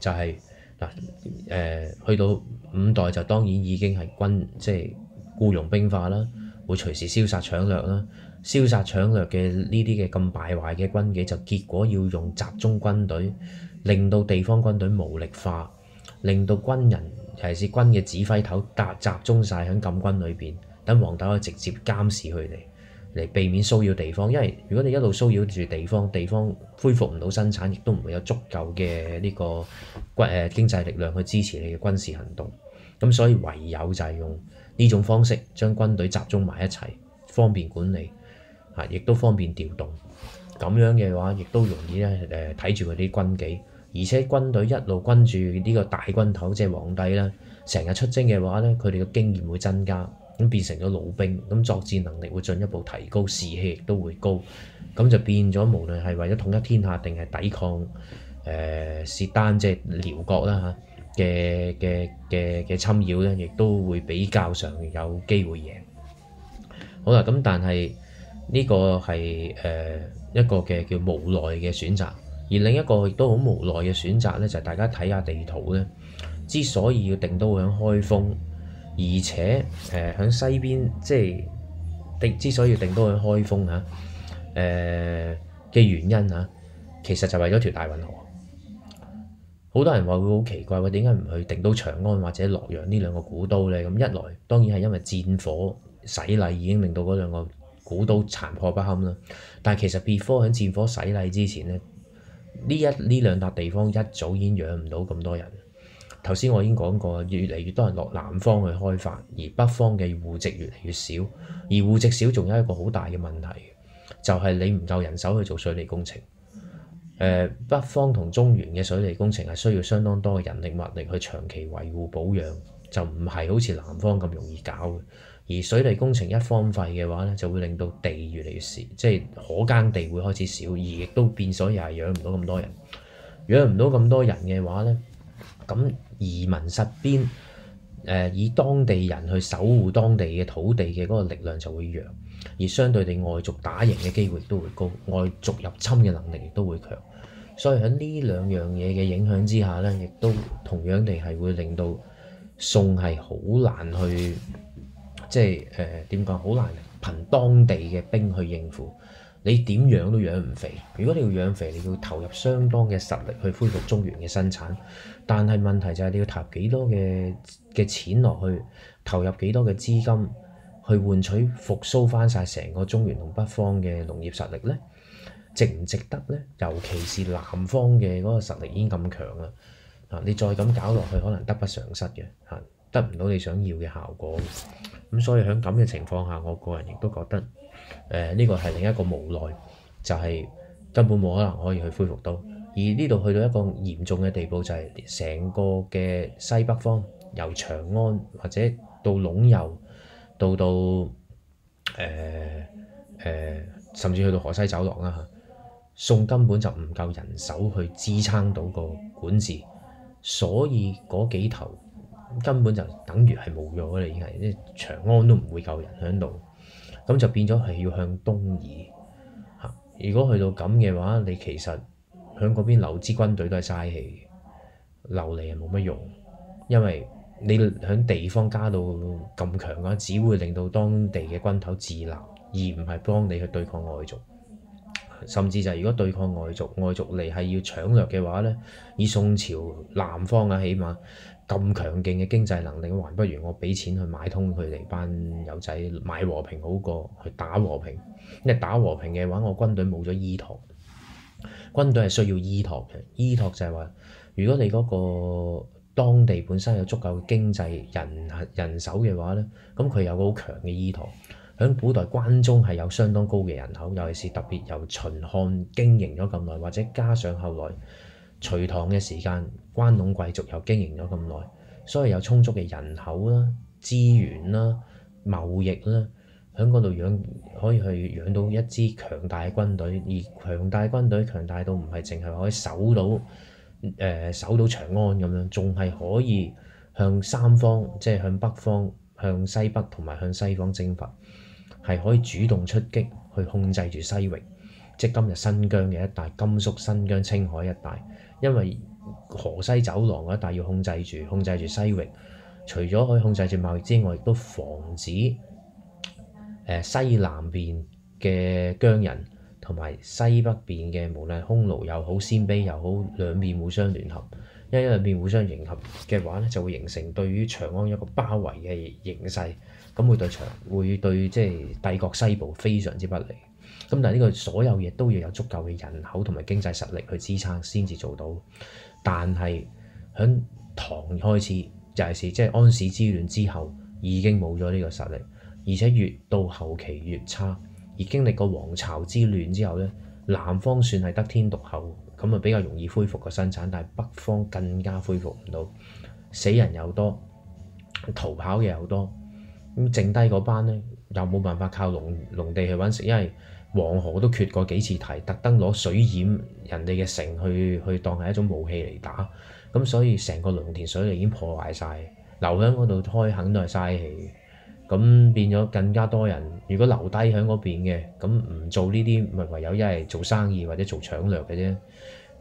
就係、是呃、去到五代就當然已經係軍即係僱傭兵化啦，會隨時燒殺搶掠啦。消殺搶掠嘅呢啲嘅咁敗壞嘅軍紀，就結果要用集中軍隊，令到地方軍隊無力化，令到軍人尤其係軍嘅指揮頭，集中晒喺禁軍裏邊，等皇帝可以直接監視佢哋，嚟避免騷擾地方。因為如果你一路騷擾住地方，地方恢復唔到生產，亦都唔會有足夠嘅呢個軍誒經濟力量去支持你嘅軍事行動。咁所以唯有就係用呢種方式將軍隊集中埋一齊，方便管理。亦都方便調動，咁樣嘅話，亦都容易咧誒睇住佢啲軍紀，而且軍隊一路跟住呢個大軍頭，即係皇帝啦，成日出征嘅話咧，佢哋嘅經驗會增加，咁變成咗老兵，咁作戰能力會進一步提高，士氣亦都會高，咁就變咗無論係為咗統一天下定係抵抗誒、呃、契丹即係遼國啦嚇嘅嘅嘅嘅侵擾咧，亦都會比較上有機會贏。好啦，咁但係。呢個係誒、呃、一個嘅叫無奈嘅選擇，而另一個亦都好無奈嘅選擇咧，就係、是、大家睇下地圖咧，之所以要定都喺開封，而且誒喺、呃、西邊，即係的之所以要定都喺開封嚇誒嘅原因嚇、啊，其實就為咗條大運河。好多人話會好奇怪，話點解唔去定都長安或者洛陽呢兩個古都咧？咁、嗯、一來當然係因為戰火洗禮已經令到嗰兩個古都殘破不堪啦，但係其實別科喺戰火洗禮之前呢，呢一呢兩笪地方一早已經養唔到咁多人。頭先我已經講過，越嚟越多人落南方去開發，而北方嘅戶籍越嚟越少，而戶籍少仲有一個好大嘅問題，就係、是、你唔夠人手去做水利工程。誒、呃，北方同中原嘅水利工程係需要相當多嘅人力物力去長期維護保養，就唔係好似南方咁容易搞嘅。而水利工程一荒廢嘅話呢，就會令到地越嚟越少，即係可耕地會開始少，而亦都變咗又係養唔到咁多人。養唔到咁多人嘅話呢，咁移民實邊、呃、以當地人去守護當地嘅土地嘅嗰個力量就會弱，而相對地外族打贏嘅機會都會高，外族入侵嘅能力亦都會強。所以喺呢兩樣嘢嘅影響之下呢，亦都同樣地係會令到宋係好難去。即係誒點講，好、呃、難憑當地嘅兵去應付，你點養都養唔肥。如果你要養肥，你要投入相當嘅實力去恢復中原嘅生產，但係問題就係、是、你要投幾多嘅嘅錢落去，投入幾多嘅資金去換取復甦翻晒成個中原同北方嘅農業實力呢？值唔值得呢？尤其是南方嘅嗰個實力已經咁強啦，你再咁搞落去，可能得不償失嘅，嚇、啊。得唔到你想要嘅效果，咁所以響咁嘅情況下，我個人亦都覺得，誒呢個係另一個無奈，就係、是、根本冇可能可以去恢復到。而呢度去到一個嚴重嘅地步，就係、是、成個嘅西北方，由長安或者到隴右到到誒誒、呃呃、甚至去到河西走廊啦嚇，宋根本就唔夠人手去支撐到個管治，所以嗰幾頭。根本就等於係冇咗啦，已經係，即係長安都唔會夠人喺度，咁就變咗係要向東移。嚇！如果去到咁嘅話，你其實喺嗰邊留支軍隊都係嘥氣，留嚟又冇乜用，因為你喺地方加到咁強嘅話，只會令到當地嘅軍頭自立，而唔係幫你去對抗外族。甚至就係如果對抗外族，外族嚟係要搶掠嘅話咧，以宋朝南方啊，起碼～咁強勁嘅經濟能力，還不如我俾錢去買通佢哋班友仔買和平好過去打和平。因為打和平嘅話，我軍隊冇咗依託。軍隊係需要依託嘅。依託就係話，如果你嗰個當地本身有足夠嘅經濟人、人手嘅話呢，咁佢有個好強嘅依託。喺古代關中係有相當高嘅人口，尤其是特別由秦漢經營咗咁耐，或者加上後來。隋唐嘅時間，關隴貴族又經營咗咁耐，所以有充足嘅人口啦、資源啦、貿易啦，喺嗰度養可以去養到一支強大嘅軍隊，而強大軍隊強大到唔係淨係可以守到誒、呃、守到長安咁樣，仲係可以向三方即係向北方向西北同埋向西方征伐，係可以主動出擊去控制住西域，即係今日新疆嘅一帶、甘肅、新疆、青海一帶。因為河西走廊嘅話，但係要控制住，控制住西域，除咗可以控制住貿易之外，亦都防止誒、呃、西南邊嘅羌人同埋西北邊嘅無論匈奴又好鮮卑又好，兩邊互相聯合，因為兩邊互相迎合嘅話咧，就會形成對於長安一個包圍嘅形勢，咁會對長會對即係帝國西部非常之不利。咁但係呢個所有嘢都要有足夠嘅人口同埋經濟實力去支撐先至做到。但係響唐開始就係時，即係安史之亂之後已經冇咗呢個實力，而且越到後期越差。而經歷過黃巢之亂之後呢，南方算係得天獨厚，咁啊比較容易恢復個生產，但係北方更加恢復唔到，死人又多，逃跑嘅又多，咁剩低嗰班呢，又冇辦法靠農農地去揾食，因為黃河都決過幾次堤，特登攞水淹人哋嘅城去，去去當係一種武器嚟打。咁所以成個農田水利已經破壞晒。留喺嗰度開墾都係嘥氣。咁變咗更加多人，如果留低喺嗰邊嘅，咁唔做呢啲，咪唯有一係做生意或者做搶掠嘅啫。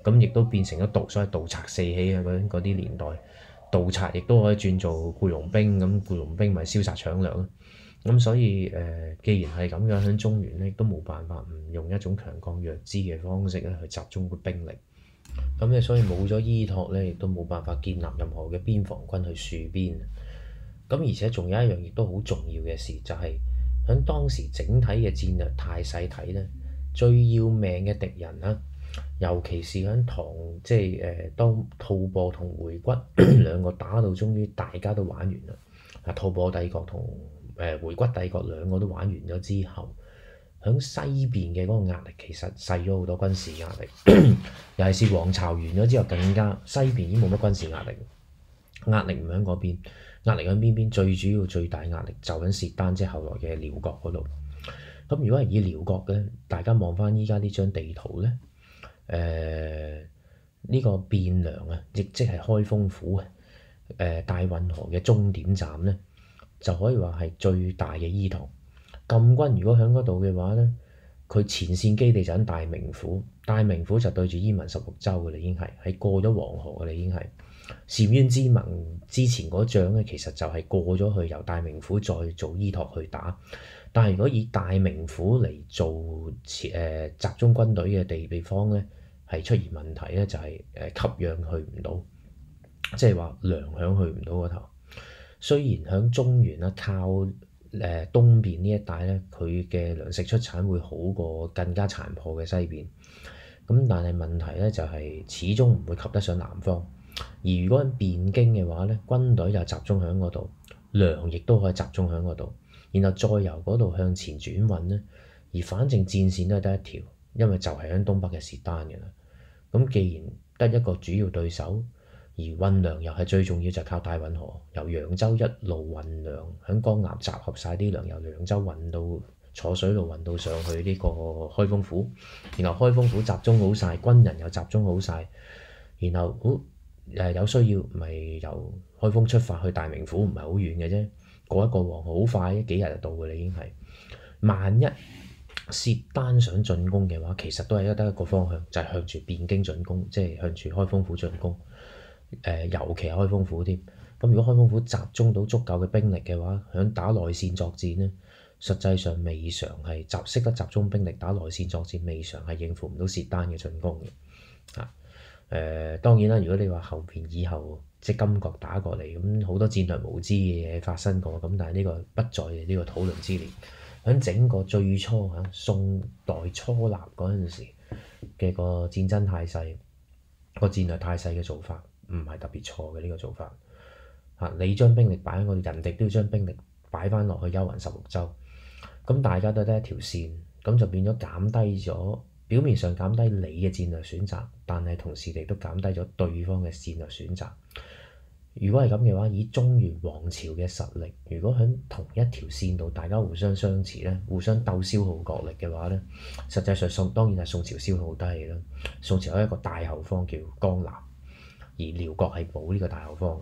咁亦都變成咗盜，所謂盜賊四起啊！嗰啲年代，盜賊亦都可以轉做僱傭兵，咁僱傭兵咪燒殺搶掠咯。咁所以誒、呃，既然係咁樣，響中原咧，都冇辦法唔用一種強幹弱枝嘅方式咧，去集中個兵力。咁咧，所以冇咗依託，咧，亦都冇辦法建立任何嘅邊防軍去戍邊。咁而且仲有一樣亦都好重要嘅事，就係、是、響當時整體嘅戰略態勢睇咧，最要命嘅敵人啦，尤其是響唐即係誒、呃、當吐蕃同回鶻 兩個打到，終於大家都玩完啦。啊，吐蕃帝國同。誒回鶻帝國兩個都玩完咗之後，響西邊嘅嗰個壓力其實細咗好多，軍事壓力，尤其 是王朝完咗之後，更加西邊已經冇乜軍事壓力，壓力唔喺嗰邊，壓力喺邊邊？最主要最大壓力就係契丹，即係後來嘅遼國嗰度。咁如果係以遼國咧，大家望翻依家呢張地圖咧，誒、呃、呢、呢個汴梁啊，亦即係開封府啊，誒大運河嘅終點站咧。就可以話係最大嘅依托。禁軍如果喺嗰度嘅話呢，佢前線基地就喺大名府，大名府就對住燕雲十六州嘅啦，已經係喺過咗黃河嘅啦，已經係。澶淵之盟之前嗰仗呢，其實就係過咗去，由大名府再做依託去打。但係如果以大名府嚟做前、呃、集中軍隊嘅地地方呢，係出現問題呢，就係、是、誒吸氧去唔到，即係話糧餉去唔到嗰頭。雖然喺中原啦，靠誒東邊呢一帶咧，佢嘅糧食出產會好過更加殘破嘅西邊。咁但係問題咧就係始終唔會及得上南方。而如果喺汴京嘅話咧，軍隊就集中喺嗰度，糧亦都可以集中喺嗰度，然後再由嗰度向前轉運咧。而反正戰線都係得一條，因為就係喺東北嘅契丹嘅啦。咁既然得一個主要對手。而運糧又係最重要，就係、靠大運河，由揚州一路運糧，喺江南集合晒啲糧，由揚州運到坐水路運到上去呢個開封府，然後開封府集中好晒，軍人又集中好晒。然後誒、哦、有需要咪由開封出發去大名府，唔係好遠嘅啫，過一過黃河好快，幾日就到㗎啦已經係。萬一薛丹想進攻嘅話，其實都係得一個方向，就係、係、向住汴京進攻，即係向住開封府進攻。誒，尤其係開封府添。咁如果開封府集中到足夠嘅兵力嘅話，響打內線作戰呢，實際上未嘗係集，識得集中兵力打內線作戰，未嘗係應付唔到薛丹嘅進攻嘅。嚇、啊、誒、呃，當然啦！如果你話後邊以後即金國打過嚟，咁好多戰略無知嘅嘢發生過，咁但係呢個不在呢、呢個討論之列。響整個最初嚇、啊、宋代初立嗰陣時嘅個戰爭態勢，嗰個戰略態勢嘅、嗰個、做法。唔係特別錯嘅呢個做法，嚇，你將兵力擺喺我哋，人哋都要將兵力擺翻落去幽雲十六州，咁大家都得一條線，咁就變咗減低咗表面上減低你嘅戰略選擇，但係同時亦都減低咗對方嘅戰略選擇。如果係咁嘅話，以中原王朝嘅實力，如果喺同一條線度大家互相相持咧，互相鬥消耗國力嘅話呢，實際上宋當然係宋朝消耗低啦。宋朝有一個大後方叫江南。而遼國係冇呢個大後方，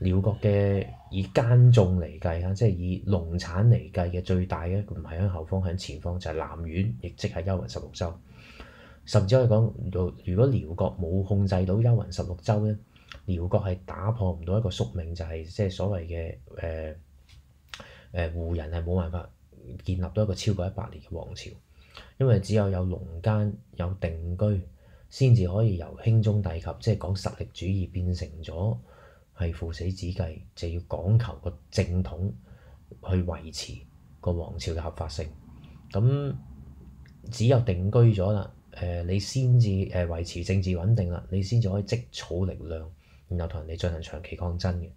遼國嘅以耕種嚟計啊，即係以農產嚟計嘅最大嘅，唔係喺後方，喺前方就係、是、南苑，亦即係幽雲十六州。甚至可以講，如如果遼國冇控制到幽雲十六州咧，遼國係打破唔到一個宿命，就係即係所謂嘅誒誒胡人係冇辦法建立到一個超過一百年嘅王朝，因為只有有農耕有定居。先至可以由兄終弟及，即係講實力主義變成咗係父死子繼，就是、要講求個正統去維持個王朝嘅合法性。咁只有定居咗啦，誒、呃、你先至誒維持政治穩定啦，你先至可以積蓄力量，然後同人哋進行長期抗爭嘅。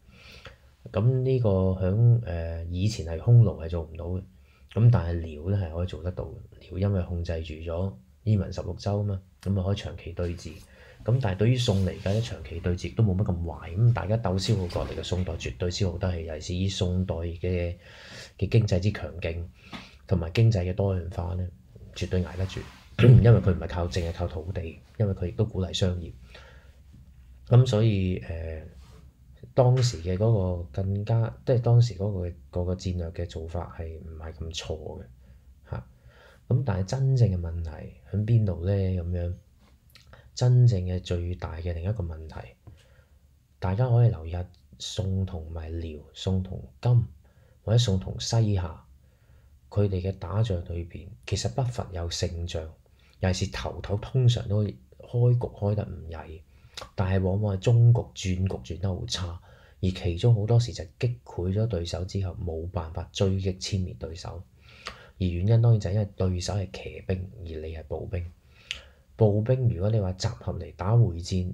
咁呢個響誒、呃、以前係匈奴係做唔到嘅，咁但係遼都係可以做得到嘅。遼因為控制住咗燕雲十六州啊嘛。咁啊，可以長期對峙。咁但係對於宋嚟講咧，長期對峙都冇乜咁壞。咁大家鬥消耗過嚟嘅宋代絕對消耗得起，尤其是以宋代嘅嘅經濟之強勁，同埋經濟嘅多元化咧，絕對捱得住。因為佢唔係靠淨係靠土地，因為佢亦都鼓勵商業。咁所以誒、呃，當時嘅嗰個更加，即係當時嗰、嗰個嗰、嗰個戰略嘅做法係唔係咁錯嘅。咁但係真正嘅問題喺邊度咧？咁樣真正嘅最大嘅另一個問題，大家可以留意下宋同埋遼、宋同金或者宋同西夏，佢哋嘅打仗裏邊其實不乏有勝仗，尤其是頭頭通常都開局開得唔曳，但係往往係中局轉局轉得好差，而其中好多時就擊潰咗對手之後，冇辦法追擊殲滅對手。而原因當然就係因為對手係騎兵，而你係步兵。步兵如果你話集合嚟打會戰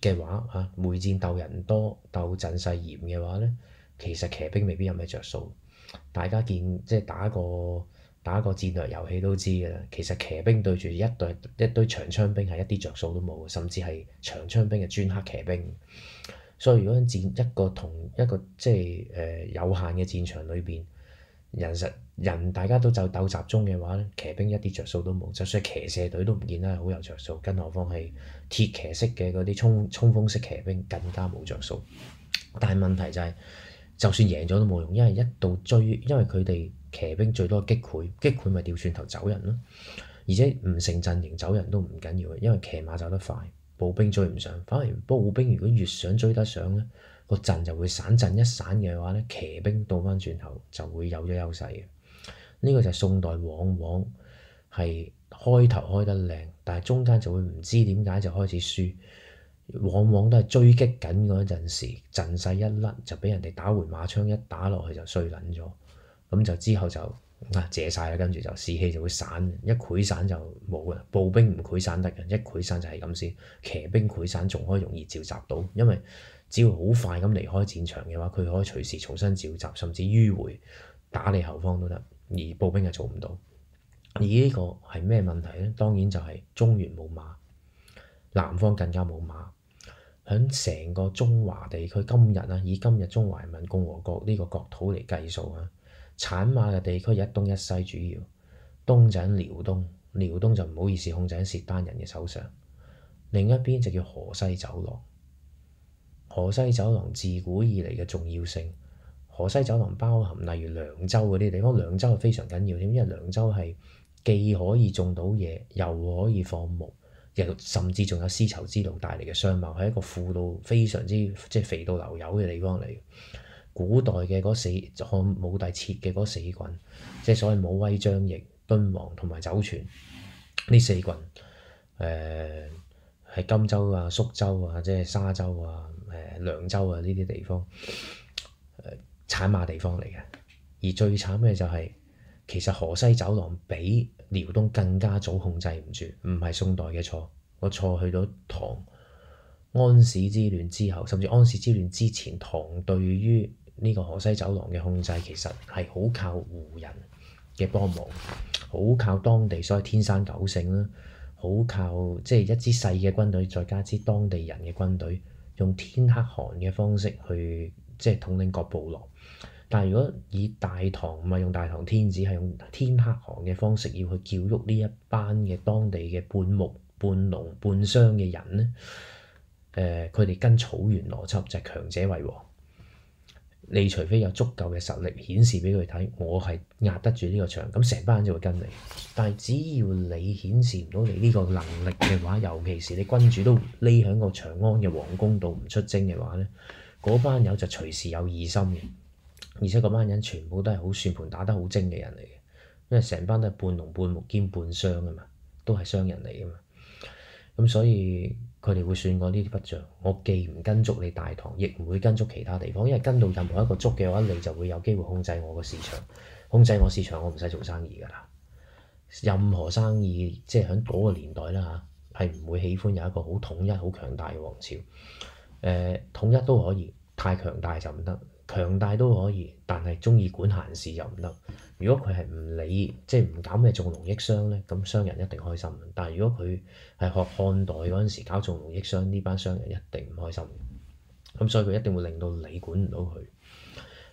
嘅話，嚇、啊、會戰鬥人多、鬥陣勢嚴嘅話咧，其實騎兵未必有咩着數。大家見即係打個打個戰略遊戲都知㗎啦，其實騎兵對住一隊一堆長槍兵係一啲着數都冇，甚至係長槍兵係專克騎兵。所以如果戰一個同一個即係誒、呃、有限嘅戰場裏邊人實。人大家都就鬥集中嘅話咧，騎兵一啲着數都冇，就算騎射隊都唔見得好有着數。更何況係鐵騎式嘅嗰啲衝衝鋒式騎兵更加冇着數。但係問題就係、是，就算贏咗都冇用，因為一到追，因為佢哋騎兵最多擊潰，擊潰咪掉轉頭走人咯。而且唔成陣營走人都唔緊要，因為騎馬走得快，步兵追唔上。反而步兵如果越想追得上呢，個陣就會散陣，一散嘅話呢，騎兵倒翻轉頭就會有咗優勢嘅。呢個就宋代往往係開頭開得靚，但係中間就會唔知點解就開始輸。往往都係追擊緊嗰陣時，陣勢一甩就俾人哋打回馬槍，一打落去就衰撚咗。咁就之後就啊，謝曬啦，跟住就士氣就會散，一潰散就冇啦。步兵唔潰散得㗎，一潰散就係咁先。騎兵潰散仲可以容易召集到，因為只要好快咁離開戰場嘅話，佢可以隨時重新召集，甚至迂回打你後方都得。而步兵係做唔到，而呢個係咩問題呢？當然就係中原冇馬，南方更加冇馬。響成個中華地區今日啊，以今日中華人民共和國呢個國土嚟計數啊，產馬嘅地區一東一西主要，東就係遼東，遼東，就唔好意思，控制喺契丹人嘅手上，另一邊就叫河西走廊。河西走廊自古以嚟嘅重要性。河西走廊包含例如涼州嗰啲地方，涼州係非常緊要添，因為涼州係既可以種到嘢，又可以放牧，又甚至仲有絲綢之路帶嚟嘅商貿，係一個富到非常之即係肥到流油嘅地方嚟。古代嘅嗰四漢武帝設嘅嗰四郡，即係所謂武威、張掖、敦煌同埋酒泉呢四郡，誒、呃、係甘州啊、肅州啊、即係沙州啊、誒、呃、涼州啊呢啲地方。產馬地方嚟嘅，而最慘嘅就係、是、其實河西走廊比遼東更加早控制唔住，唔係宋代嘅錯，我錯去到唐安史之亂之後，甚至安史之亂之前，唐對於呢個河西走廊嘅控制其實係好靠胡人嘅幫忙，好靠當地所謂天生九姓啦，好靠即係一支細嘅軍隊，再加之當地人嘅軍隊，用天黑寒嘅方式去即係統領各部落。但係如果以大唐唔係用大唐天子係用天可汗嘅方式要去教育呢一班嘅當地嘅半牧半農半商嘅人咧，誒、呃，佢哋跟草原邏輯就係、是、強者為王。你除非有足夠嘅實力顯示俾佢睇，我係壓得住呢個場，咁成班就會跟你。但係只要你顯示唔到你呢個能力嘅話，尤其是你君主都匿響個長安嘅皇宮度唔出征嘅話咧，嗰班友就隨時有疑心嘅。而且嗰班人全部都係好算盤打得好精嘅人嚟嘅，因為成班都係半農半牧兼半商啊嘛，都係商人嚟啊嘛。咁所以佢哋會算我呢啲筆帳，我既唔跟足你大唐，亦唔會跟足其他地方，因為跟到任何一個足嘅話，你就會有機會控制我嘅市場，控制我市場，我唔使做生意噶啦。任何生意即係喺嗰個年代啦嚇，係唔會喜歡有一個好統一、好強大嘅王朝。誒、呃、統一都可以，太強大就唔得。強大都可以，但係中意管閒事又唔得。如果佢係唔理，即係唔搞咩重農抑商呢，咁商人一定開心。但係如果佢係學漢代嗰陣時搞重農抑商，呢班商人一定唔開心。咁所以佢一定會令到你管唔到佢。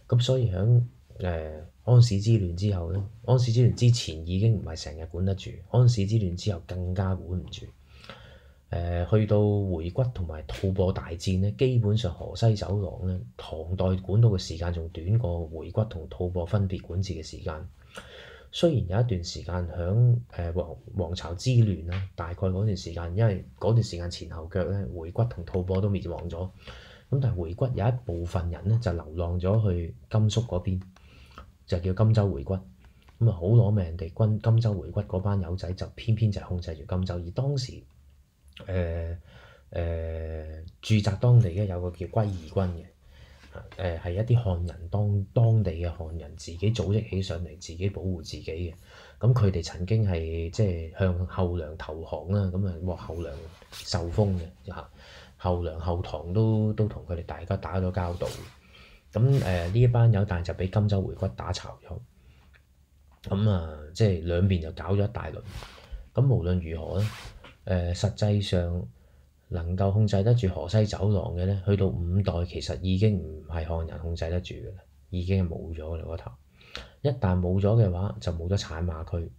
咁所以喺誒、呃、安史之亂之後呢，安史之亂之前已經唔係成日管得住，安史之亂之後更加管唔住。誒去到回骨同埋吐蕃大戰咧，基本上河西走廊咧唐代管到嘅時間仲短過回骨同吐蕃分別管治嘅時間。雖然有一段時間喺誒皇皇朝之亂啦，大概嗰段時間，因為嗰段時間前後腳咧回骨同吐蕃都滅亡咗，咁但係回骨有一部分人咧就流浪咗去甘肅嗰邊，就叫甘州回骨。咁、嗯、啊，好攞命地軍甘州回骨嗰班友仔就偏偏就控制住甘州，而當時。誒誒，駐紮、呃呃、當地咧有個叫歸義軍嘅，誒、呃、係一啲漢人當當地嘅漢人自己組織起上嚟，自己保護自己嘅。咁佢哋曾經係即係向後梁投降啦，咁啊獲後梁受封嘅，嚇後梁後唐都都同佢哋大家打咗交道。咁誒呢一班友，但就俾金州回骨打巢咗。咁、嗯、啊，即係兩邊就搞咗一大輪。咁、嗯、無論如何咧。誒、呃、實際上能夠控制得住河西走廊嘅咧，去到五代其實已經唔係漢人控制得住嘅啦，已經係冇咗啦嗰頭。一旦冇咗嘅話，就冇咗產馬區，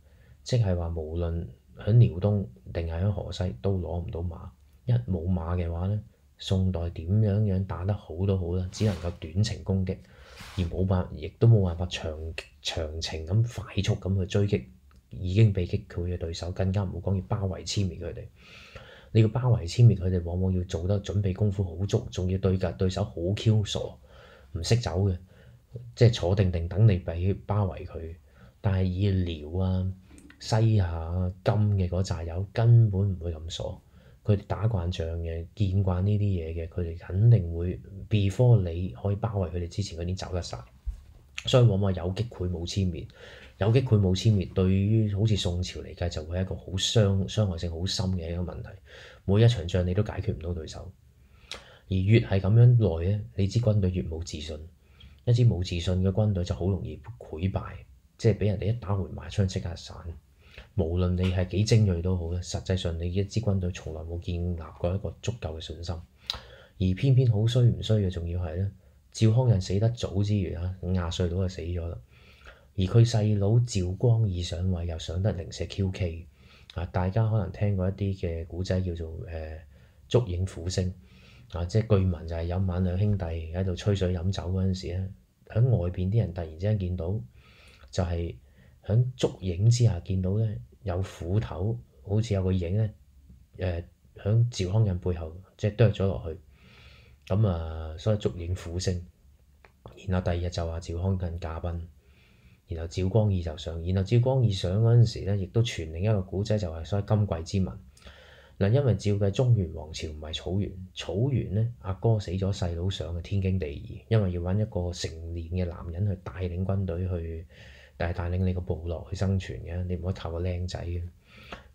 即係話無論喺遼東定係喺河西都攞唔到馬。一冇馬嘅話咧，宋代點樣樣打得好都好啦，只能夠短程攻擊，而冇辦法，亦都冇辦法長長程咁快速咁去追擊。已經被擊潰嘅對手，更加唔好講要包圍殲滅佢哋。你要包圍殲滅佢哋，往往要做得準備功夫好足，仲要對陣對手好 Q 傻，唔識走嘅，即係坐定定等你俾包圍佢。但係以遼啊、西夏啊、金嘅嗰紮友，根本唔會咁傻。佢哋打慣仗嘅，見慣呢啲嘢嘅，佢哋肯定會 before 你可以包圍佢哋之前嗰啲走得晒。所以往往有擊潰冇殲滅。有擊退冇殲滅，對於好似宋朝嚟計，就會係一個好傷，傷害性好深嘅一個問題。每一場仗你都解決唔到對手，而越係咁樣耐呢，你支軍隊越冇自信。一支冇自信嘅軍隊就好容易潰敗，即係俾人哋一打回馬槍即刻散。無論你係幾精鋭都好咧，實際上你一支軍隊從來冇建立過一個足夠嘅信心。而偏偏好衰唔衰嘅仲要係呢，趙匡胤死得早之餘啊，五十歲到就死咗啦。而佢細佬趙光義上位又上得零舍 Q K 啊！大家可能聽過一啲嘅古仔，叫做誒燭、呃、影斧聲啊！即係據聞就係有晚兩兄弟喺度吹水飲酒嗰陣時咧，喺外邊啲人突然之間見到就係喺燭影之下見到咧有斧頭，好似有個影咧誒喺趙匡胤背後即係剁咗落去咁啊！所以燭影斧聲。然後第二日就話趙匡胤駕崩。然後趙光義就上，然後趙光義上嗰陣時咧，亦都傳另一個古仔，就係所謂金匱之盟。嗱，因為趙嘅中原王朝唔係草原，草原呢，阿哥死咗，細佬上係天經地義，因為要揾一個成年嘅男人去帶領軍隊去，但係帶領你個部落去生存嘅，你唔可以靠個靚仔嘅。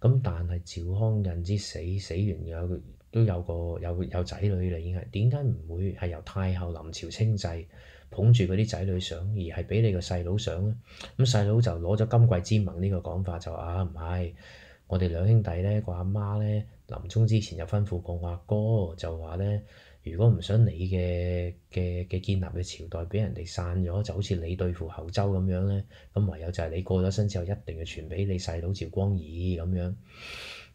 咁但係趙匡胤之死，死完有都有個有有仔女嚟嘅，已經係，點解唔會係由太后臨朝稱制？捧住嗰啲仔女上，而係俾你個細佬上。咁細佬就攞咗金匱之盟呢個講法就話啊，唔係我哋兩兄弟呢個阿媽呢，臨終之前就吩咐過我阿哥哥，就話呢：「如果唔想你嘅嘅嘅建立嘅朝代俾人哋散咗，就好似你對付後周咁樣呢。」咁唯有就係你過咗身之後，一定要傳俾你細佬趙光義咁樣。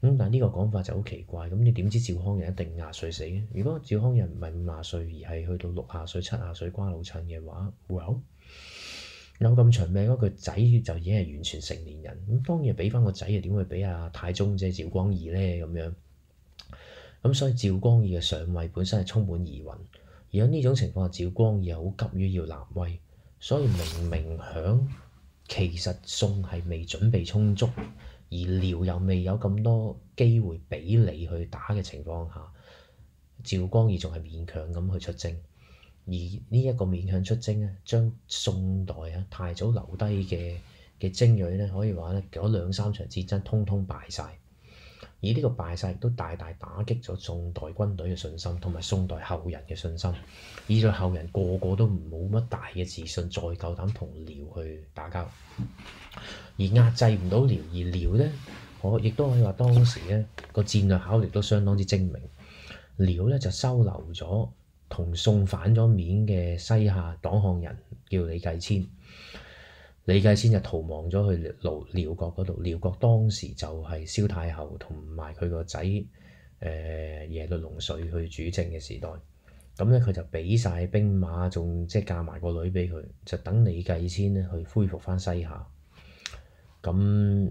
咁但係呢個講法就好奇怪，咁你點知趙匡胤一定五十歲死咧？如果趙匡胤唔係五十歲，而係去到六十歲、七十歲瓜老襯嘅話，有、well, 咁長命？嗰個仔就已經係完全成年人，咁當然俾翻個仔又點會俾阿太宗啫？趙光義呢？咁樣，咁所以趙光義嘅上位本身係充滿疑雲。而喺呢種情況下，趙光義又好急於要立威，所以明明響，其實宋係未準備充足。而遼又未有咁多機會俾你去打嘅情況下，趙光義仲係勉強咁去出征，而呢一個勉強出征咧，將宋代啊太祖留低嘅嘅精鋭咧，可以話咧，嗰兩三場戰爭通通敗晒。而呢個敗晒亦都大大打擊咗宋代軍隊嘅信心，同埋宋代後人嘅信心，以致後人個個都冇乜大嘅自信，再夠膽同遼去打交。而壓制唔到遼，而遼呢，我亦都可以話當時呢個戰略考慮都相當之精明。遼呢就收留咗同宋反咗面嘅西夏黨項人，叫李繼遷。李繼遷就逃亡咗去遼遼國嗰度。遼國當時就係蕭太后同埋佢個仔誒耶律隆緒去主政嘅時代。咁呢，佢就俾晒兵馬，仲即係嫁埋個女俾佢，就等李繼遷呢去恢復返西夏。咁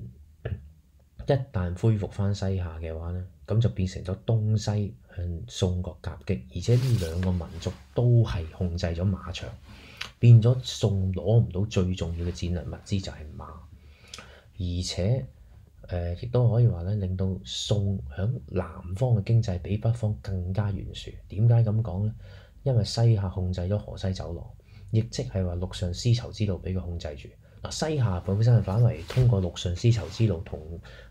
一旦恢復翻西夏嘅話呢，咁就變成咗東西向宋國夾擊，而且呢兩個民族都係控制咗馬場，變咗宋攞唔到最重要嘅戰略物資就係馬，而且誒亦都可以話呢，令到宋響南方嘅經濟比北方更加懸殊。點解咁講呢？因為西夏控制咗河西走廊，亦即係話陸上絲綢之路俾佢控制住。西夏本身反為通過陸上絲綢之路同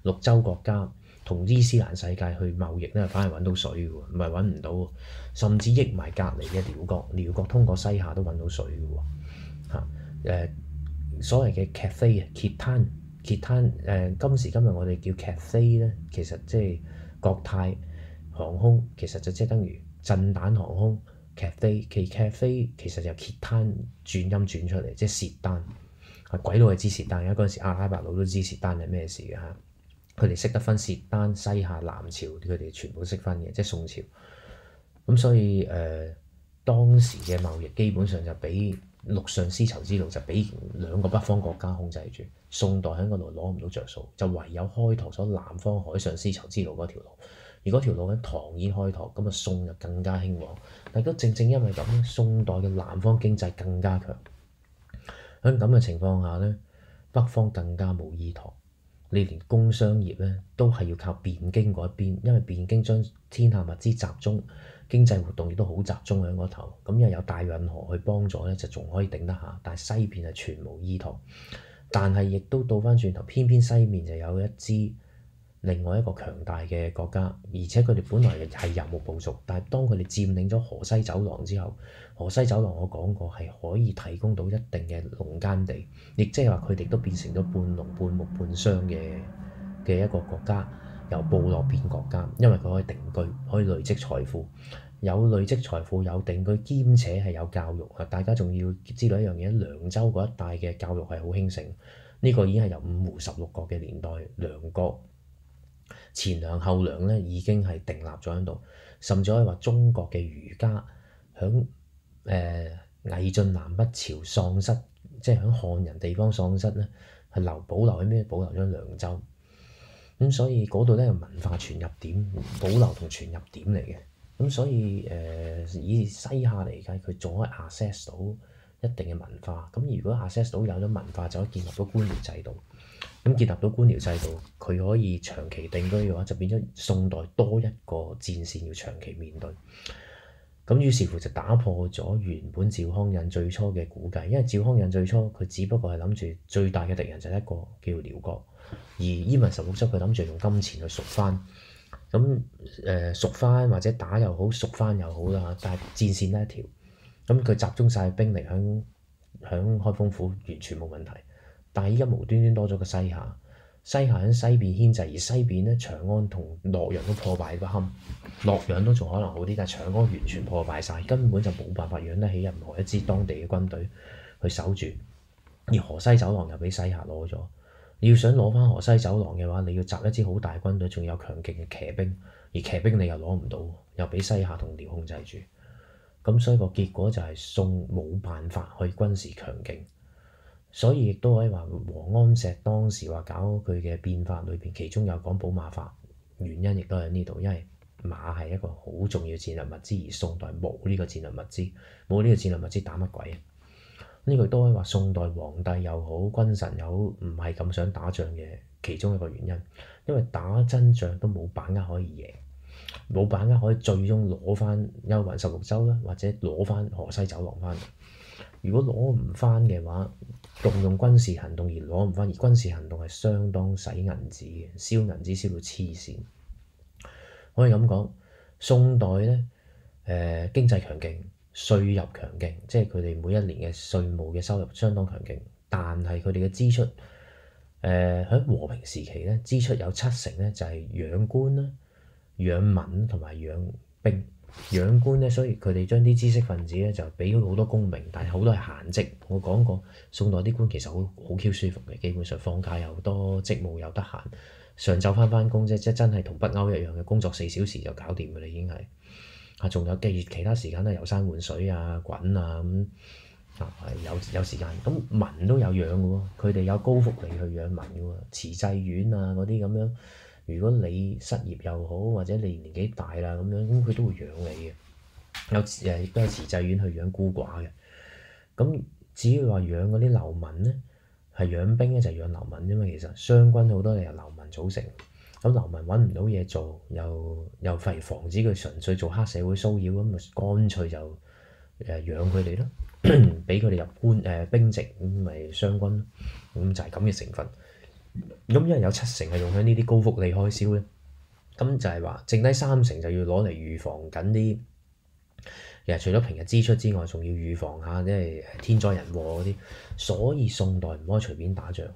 綠洲國家同伊斯蘭世界去貿易咧，反而揾到水喎，唔係揾唔到，甚至益埋隔籬嘅遼國，遼國通過西夏都揾到水嘅喎嚇。誒，所謂嘅 Cathay 啊，揭攤揭攤誒，今時今日我哋叫 Cathay 咧，其實即係國泰航空，其實就即係等於震旦航空 Cathay，Cathay，其 Cathay 其實就揭攤轉音轉出嚟，即係蝕單。鬼佬係支持丹，而家嗰時阿拉伯佬都支持丹係咩事嘅嚇？佢哋識得分薛丹、西夏南朝，佢哋全部都識分嘅，即係宋朝。咁所以誒、呃，當時嘅貿易基本上就俾陸上絲綢之路就俾兩個北方國家控制住。宋代喺嗰度攞唔到着數，就唯有開拓咗南方海上絲綢之路嗰條路。而果條路喺唐已經開拓，咁啊宋就更加興旺。但係都正正因為咁，宋代嘅南方經濟更加強。喺咁嘅情況下咧，北方更加冇依託。你連工商業咧都係要靠汴京嗰邊，因為汴京將天下物資集中，經濟活動亦都好集中喺嗰頭，咁又有大運河去幫助咧，就仲可以頂得下。但係西邊係全無依託，但係亦都倒翻轉頭，偏偏西面就有一支。另外一個強大嘅國家，而且佢哋本來係游牧部族，但係當佢哋佔領咗河西走廊之後，河西走廊我講過係可以提供到一定嘅農耕地，亦即係話佢哋都變成咗半農半牧半商嘅嘅一個國家，由部落變國家，因為佢可以定居，可以累積財富，有累積財富，有定居，兼且係有教育啊！大家仲要知道一樣嘢，涼州嗰一帶嘅教育係好興盛，呢、這個已經係由五胡十六國嘅年代涼國。梁前梁後梁咧已經係定立咗喺度，甚至可以話中國嘅儒家響誒魏晉南北朝喪失，即係響漢人地方喪失咧，係留保留喺咩？保留咗涼州，咁所以嗰度咧係文化傳入點、保留同傳入點嚟嘅。咁所以誒、呃、以西夏嚟計，佢仲可以 assess 到一定嘅文化，咁如果 assess 到有咗文化，就可以建立咗官僚制度。咁結合到官僚制度，佢可以長期定居嘅話，就變咗宋代多一個戰線要長期面對。咁於是乎就打破咗原本趙匡胤最初嘅估計，因為趙匡胤最初佢只不過係諗住最大嘅敵人就係一個叫遼國，而燕雲十六州佢諗住用金錢去贖翻。咁、嗯、誒、呃、贖翻或者打又好贖翻又好啦，但係戰線呢一條，咁、嗯、佢集中晒兵力響響開封府，完全冇問題。但係依家無端端多咗個西夏，西夏喺西邊牽制，而西邊咧長安同洛陽都破敗不堪，洛陽都仲可能好啲，但係長安完全破敗晒，根本就冇辦法養得起任何一支當地嘅軍隊去守住。而河西走廊又俾西夏攞咗，你要想攞翻河西走廊嘅話，你要集一支好大軍隊，仲有強勁嘅騎兵，而騎兵你又攞唔到，又俾西夏同遼控制住。咁所以個結果就係宋冇辦法去軍事強勁。所以亦都可以話，王安石當時話搞佢嘅變法裏邊，其中有講保馬法，原因亦都喺呢度，因為馬係一個好重要戰略物資，而宋代冇呢個戰略物資，冇呢個戰略物資打乜鬼啊？呢個都可以話宋代皇帝又好，君臣又好，唔係咁想打仗嘅其中一個原因，因為打真仗都冇把握可以贏，冇把握可以最終攞翻幽雲十六州啦，或者攞翻河西走廊翻嚟。如果攞唔返嘅話，動用軍事行動而攞唔返，而軍事行動係相當使銀紙嘅，燒銀紙燒到黐線。可以咁講，宋代呢，誒、呃、經濟強勁，稅入強勁，即係佢哋每一年嘅稅務嘅收入相當強勁，但係佢哋嘅支出，誒、呃、喺和平時期呢，支出有七成呢就係養官啦、養民同埋養兵。養官咧，所以佢哋將啲知識分子咧就俾咗好多功名，但係好多係閒職。我講過宋代啲官其實好好 Q 舒服嘅，基本上放假又多，職務又得閒，上晝翻翻工啫，即真係同北歐一樣嘅工作四小時就搞掂㗎啦，已經係啊，仲有其其他時間都遊山玩水啊、滾啊咁啊，有有時間咁文都有養嘅喎，佢哋有高福利去養文嘅喎，慈濟院啊嗰啲咁樣。如果你失業又好，或者你年紀大啦咁樣，咁佢都會養你嘅，有誒亦都係慈濟院去養孤寡嘅。咁至於話養嗰啲流民咧，係養兵咧就養流民啫嘛。其實宋軍好多係由流民組成，咁流民揾唔到嘢做，又又費防止佢純粹做黑社會騷擾，咁咪乾脆就誒養佢哋咯，俾佢哋入官誒兵籍，咁咪宋軍，咁就係咁嘅成分。咁因為有七成係用喺呢啲高福利開銷咧，咁就係話剩低三成就要攞嚟預防緊啲，其實除咗平日支出之外，仲要預防一下即係天災人禍嗰啲，所以宋代唔可以隨便打仗，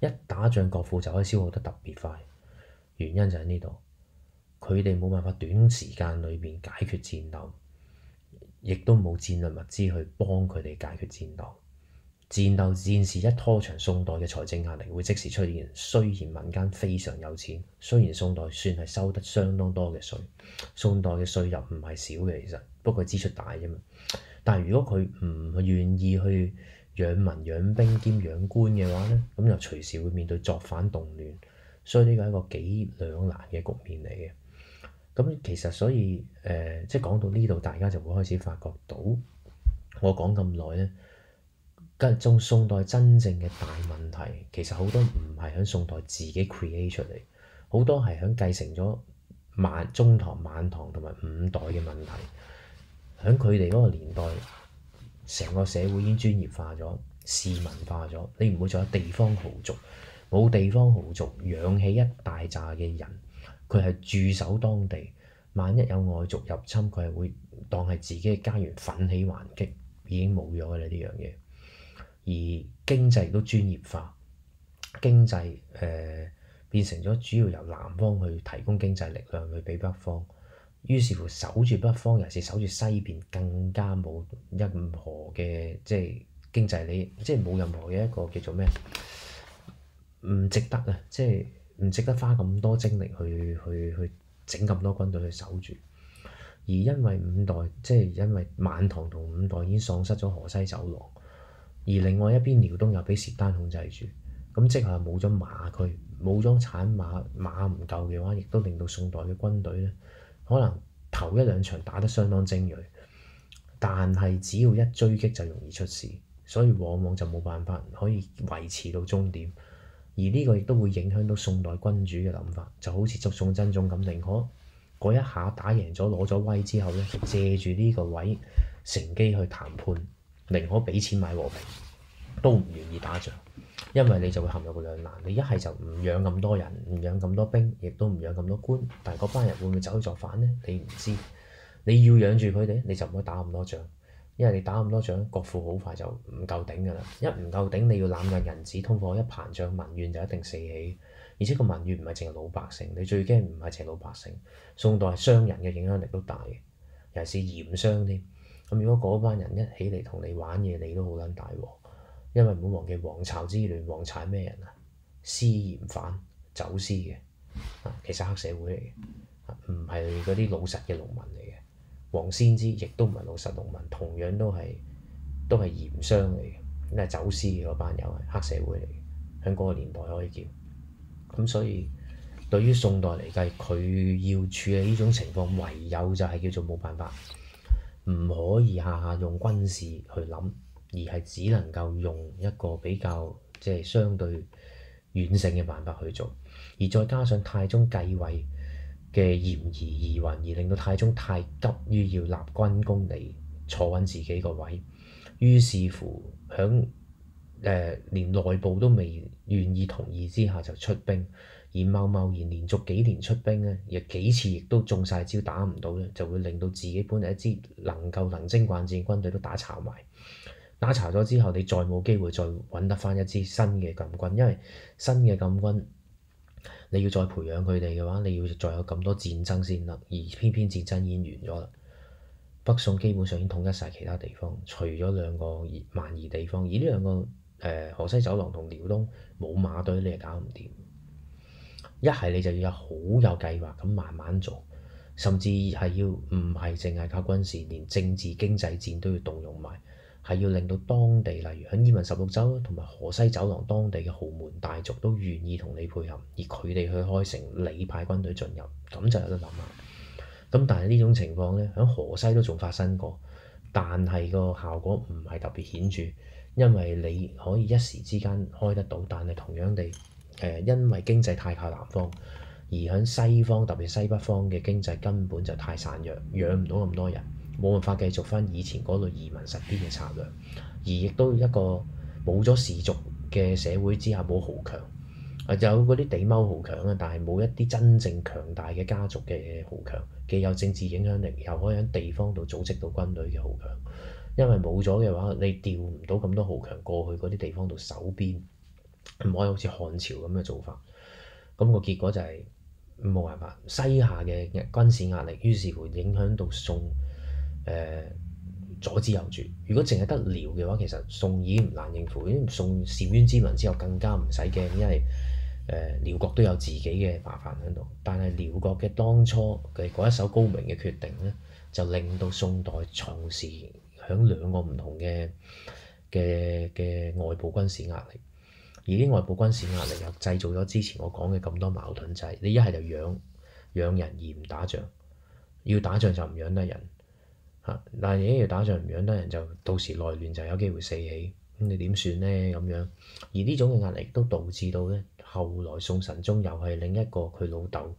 一打仗國庫就可以消耗得特別快，原因就喺呢度，佢哋冇辦法短時間裏邊解決戰鬥，亦都冇戰略物資去幫佢哋解決戰鬥。戰鬥戰事一拖長，宋代嘅財政壓力會即時出現。雖然民間非常有錢，雖然宋代算係收得相當多嘅稅，宋代嘅稅入唔係少嘅，其實不過支出大啫嘛。但係如果佢唔願意去養民、養兵兼養官嘅話呢，咁又隨時會面對作反動亂，所以呢個係一個幾兩難嘅局面嚟嘅。咁其實所以誒、呃，即係講到呢度，大家就會開始發覺到我講咁耐呢。跟住中宋代真正嘅大問題，其實好多唔係響宋代自己 create 出嚟，好多係響繼承咗晚中唐、晚唐同埋五代嘅問題。響佢哋嗰個年代，成個社會已經專業化咗、市民化咗。你唔會再有地方豪族，冇地方豪族養起一大扎嘅人，佢係駐守當地。萬一有外族入侵，佢係會當係自己嘅家園奮起還擊，已經冇咗啦呢樣嘢。而經濟都專業化，經濟誒、呃、變成咗主要由南方去提供經濟力量去俾北方。於是乎守住北方，尤其是守住西邊，更加冇任何嘅即係經濟力，即係冇任何嘅一個叫做咩唔值得啊！即係唔值得花咁多精力去去去、去整咁多軍隊去守住。而因為五代即係因為晚唐同五代已經喪失咗河西走廊。而另外一邊遼東又俾契丹控制住，咁即係冇咗馬區，冇咗產馬，馬唔夠嘅話，亦都令到宋代嘅軍隊呢，可能頭一兩場打得相當精鋭，但係只要一追擊就容易出事，所以往往就冇辦法可以維持到終點。而呢個亦都會影響到宋代君主嘅諗法，就好似祝宋真宗咁，寧可嗰一下打贏咗攞咗威之後咧，借住呢個位乘機去談判。寧可俾錢買和平，都唔願意打仗，因為你就會陷入個兩難。你一係就唔養咁多人，唔養咁多兵，亦都唔養咁多官，但係嗰班人會唔會走去作反呢？你唔知。你要養住佢哋，你就唔可以打咁多仗，因為你打咁多仗，國庫好快就唔夠頂㗎啦。一唔夠頂，你要濫印銀紙通貨一膨脹，民怨就一定四起。而且個民怨唔係淨係老百姓，你最驚唔係淨係老百姓。宋代商人嘅影響力都大嘅，尤其是鹽商添。咁如果嗰班人一起嚟同你玩嘢，你都好撚大鑊！因為唔好忘記黃巢之亂，黃巢係咩人啊？私鹽犯、走私嘅其實黑社會嚟嘅，唔係嗰啲老實嘅農民嚟嘅。王仙芝亦都唔係老實農民，同樣都係都係鹽商嚟嘅，咁係走私嘅嗰班友，係黑社會嚟嘅，喺嗰個年代可以叫。咁所以對於宋代嚟計，佢要處理呢種情況，唯有就係叫做冇辦法。唔可以下下用軍事去諗，而係只能夠用一個比較即係相對軟性嘅辦法去做，而再加上太宗繼位嘅嫌疑疑雲，而令到太宗太急於要立軍功嚟坐穩自己個位，於是乎響誒、呃、連內部都未願意同意之下就出兵。而貿貿然連續幾年出兵呢，亦幾次亦都中晒招，打唔到呢，就會令到自己本嚟一支能夠能征慣戰軍隊都打殘埋打殘咗之後，你再冇機會再揾得翻一支新嘅禁軍，因為新嘅禁軍你要再培養佢哋嘅話，你要再有咁多戰爭先得。而偏偏戰爭已經完咗啦，北宋基本上已經統一晒其他地方，除咗兩個蠻夷地方，而呢兩個誒、呃、河西走廊同遼東冇馬隊，你係搞唔掂。一係你就要有好有計劃咁慢慢做，甚至係要唔係淨係靠軍事，連政治經濟戰都要動用埋，係要令到當地，例如喺燕雲十六州同埋河西走廊當地嘅豪門大族都願意同你配合，而佢哋去開城，你派軍隊進入，咁就有得諗啦。咁但係呢種情況呢，喺河西都仲發生過，但係個效果唔係特別顯著，因為你可以一時之間開得到，但係同樣地。因為經濟太靠南方，而喺西方特別西北方嘅經濟根本就太散弱，養唔到咁多人，冇辦法繼續翻以前嗰類移民實邊嘅策略。而亦都一個冇咗士族嘅社會之下，冇豪強，有嗰啲地踎豪強啊，但係冇一啲真正強大嘅家族嘅豪強，既有政治影響力，又可以喺地方度組織到軍隊嘅豪強。因為冇咗嘅話，你調唔到咁多豪強過去嗰啲地方度守邊。唔可以好似漢朝咁嘅做法，咁、那個結果就係冇辦法西夏嘅軍事壓力，於是乎影響到宋誒、呃、左支右絀。如果淨係得遼嘅話，其實宋已經唔難應付。因為宋澶淵之盟之後更加唔使驚，因為誒遼、呃、國都有自己嘅麻煩喺度。但係遼國嘅當初嘅嗰一手高明嘅決定咧，就令到宋代從事，響兩個唔同嘅嘅嘅外部軍事壓力。而啲外部軍事壓力又製造咗之前我講嘅咁多矛盾，就係你一係就養養人而唔打仗，要打仗就唔養得人嚇。但係如果要打仗唔養得人，就到時內亂就有機會四起，咁你點算呢？咁樣而呢種嘅壓力都導致到咧，後來宋神宗又係另一個佢老豆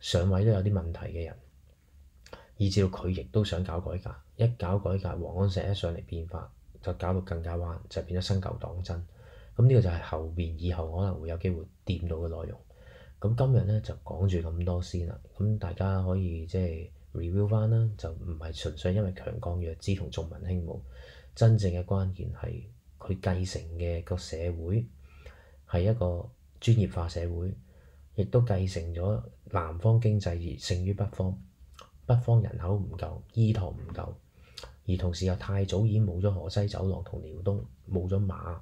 上位都有啲問題嘅人，以致到佢亦都想搞改革。一搞改革，王安石一上嚟變法就搞到更加歪，就變咗新舊黨爭。咁呢個就係後邊以後可能會有機會掂到嘅內容。咁今日呢，就講住咁多先啦。咁大家可以即係 review 返啦，就唔係純粹因為強幹弱枝同重文輕武，真正嘅關鍵係佢繼承嘅個社會係一個專業化社會，亦都繼承咗南方經濟而勝於北方，北方人口唔夠，醫堂唔夠，而同時又太早已經冇咗河西走廊同遼東冇咗馬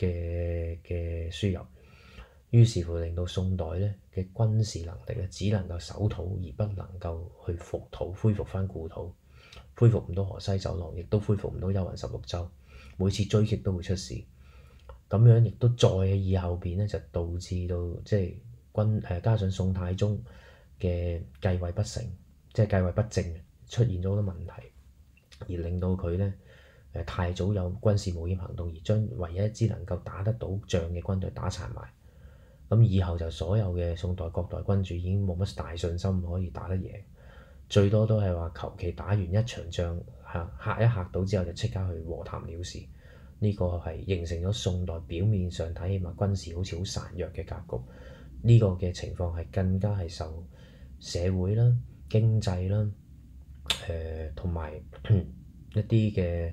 嘅嘅輸入，於是乎令到宋代咧嘅軍事能力咧只能夠守土而不能夠去復土，恢復翻故土，恢復唔到河西走廊，亦都恢復唔到幽雲十六州，每次追擊都會出事，咁樣亦都再以後邊呢，就導致到即係軍誒加上宋太宗嘅繼位不成，即係繼位不正，出現咗好多問題，而令到佢咧。太早有軍事冒險行動，而將唯一一支能夠打得到仗嘅軍隊打殘埋，咁以後就所有嘅宋代各代君主已經冇乜大信心可以打得贏，最多都係話求其打完一場仗嚇嚇一嚇到之後就即刻去和談了事。呢、這個係形成咗宋代表面上睇起碼軍事好似好孱弱嘅格局。呢、這個嘅情況係更加係受社會啦、經濟啦、誒同埋一啲嘅。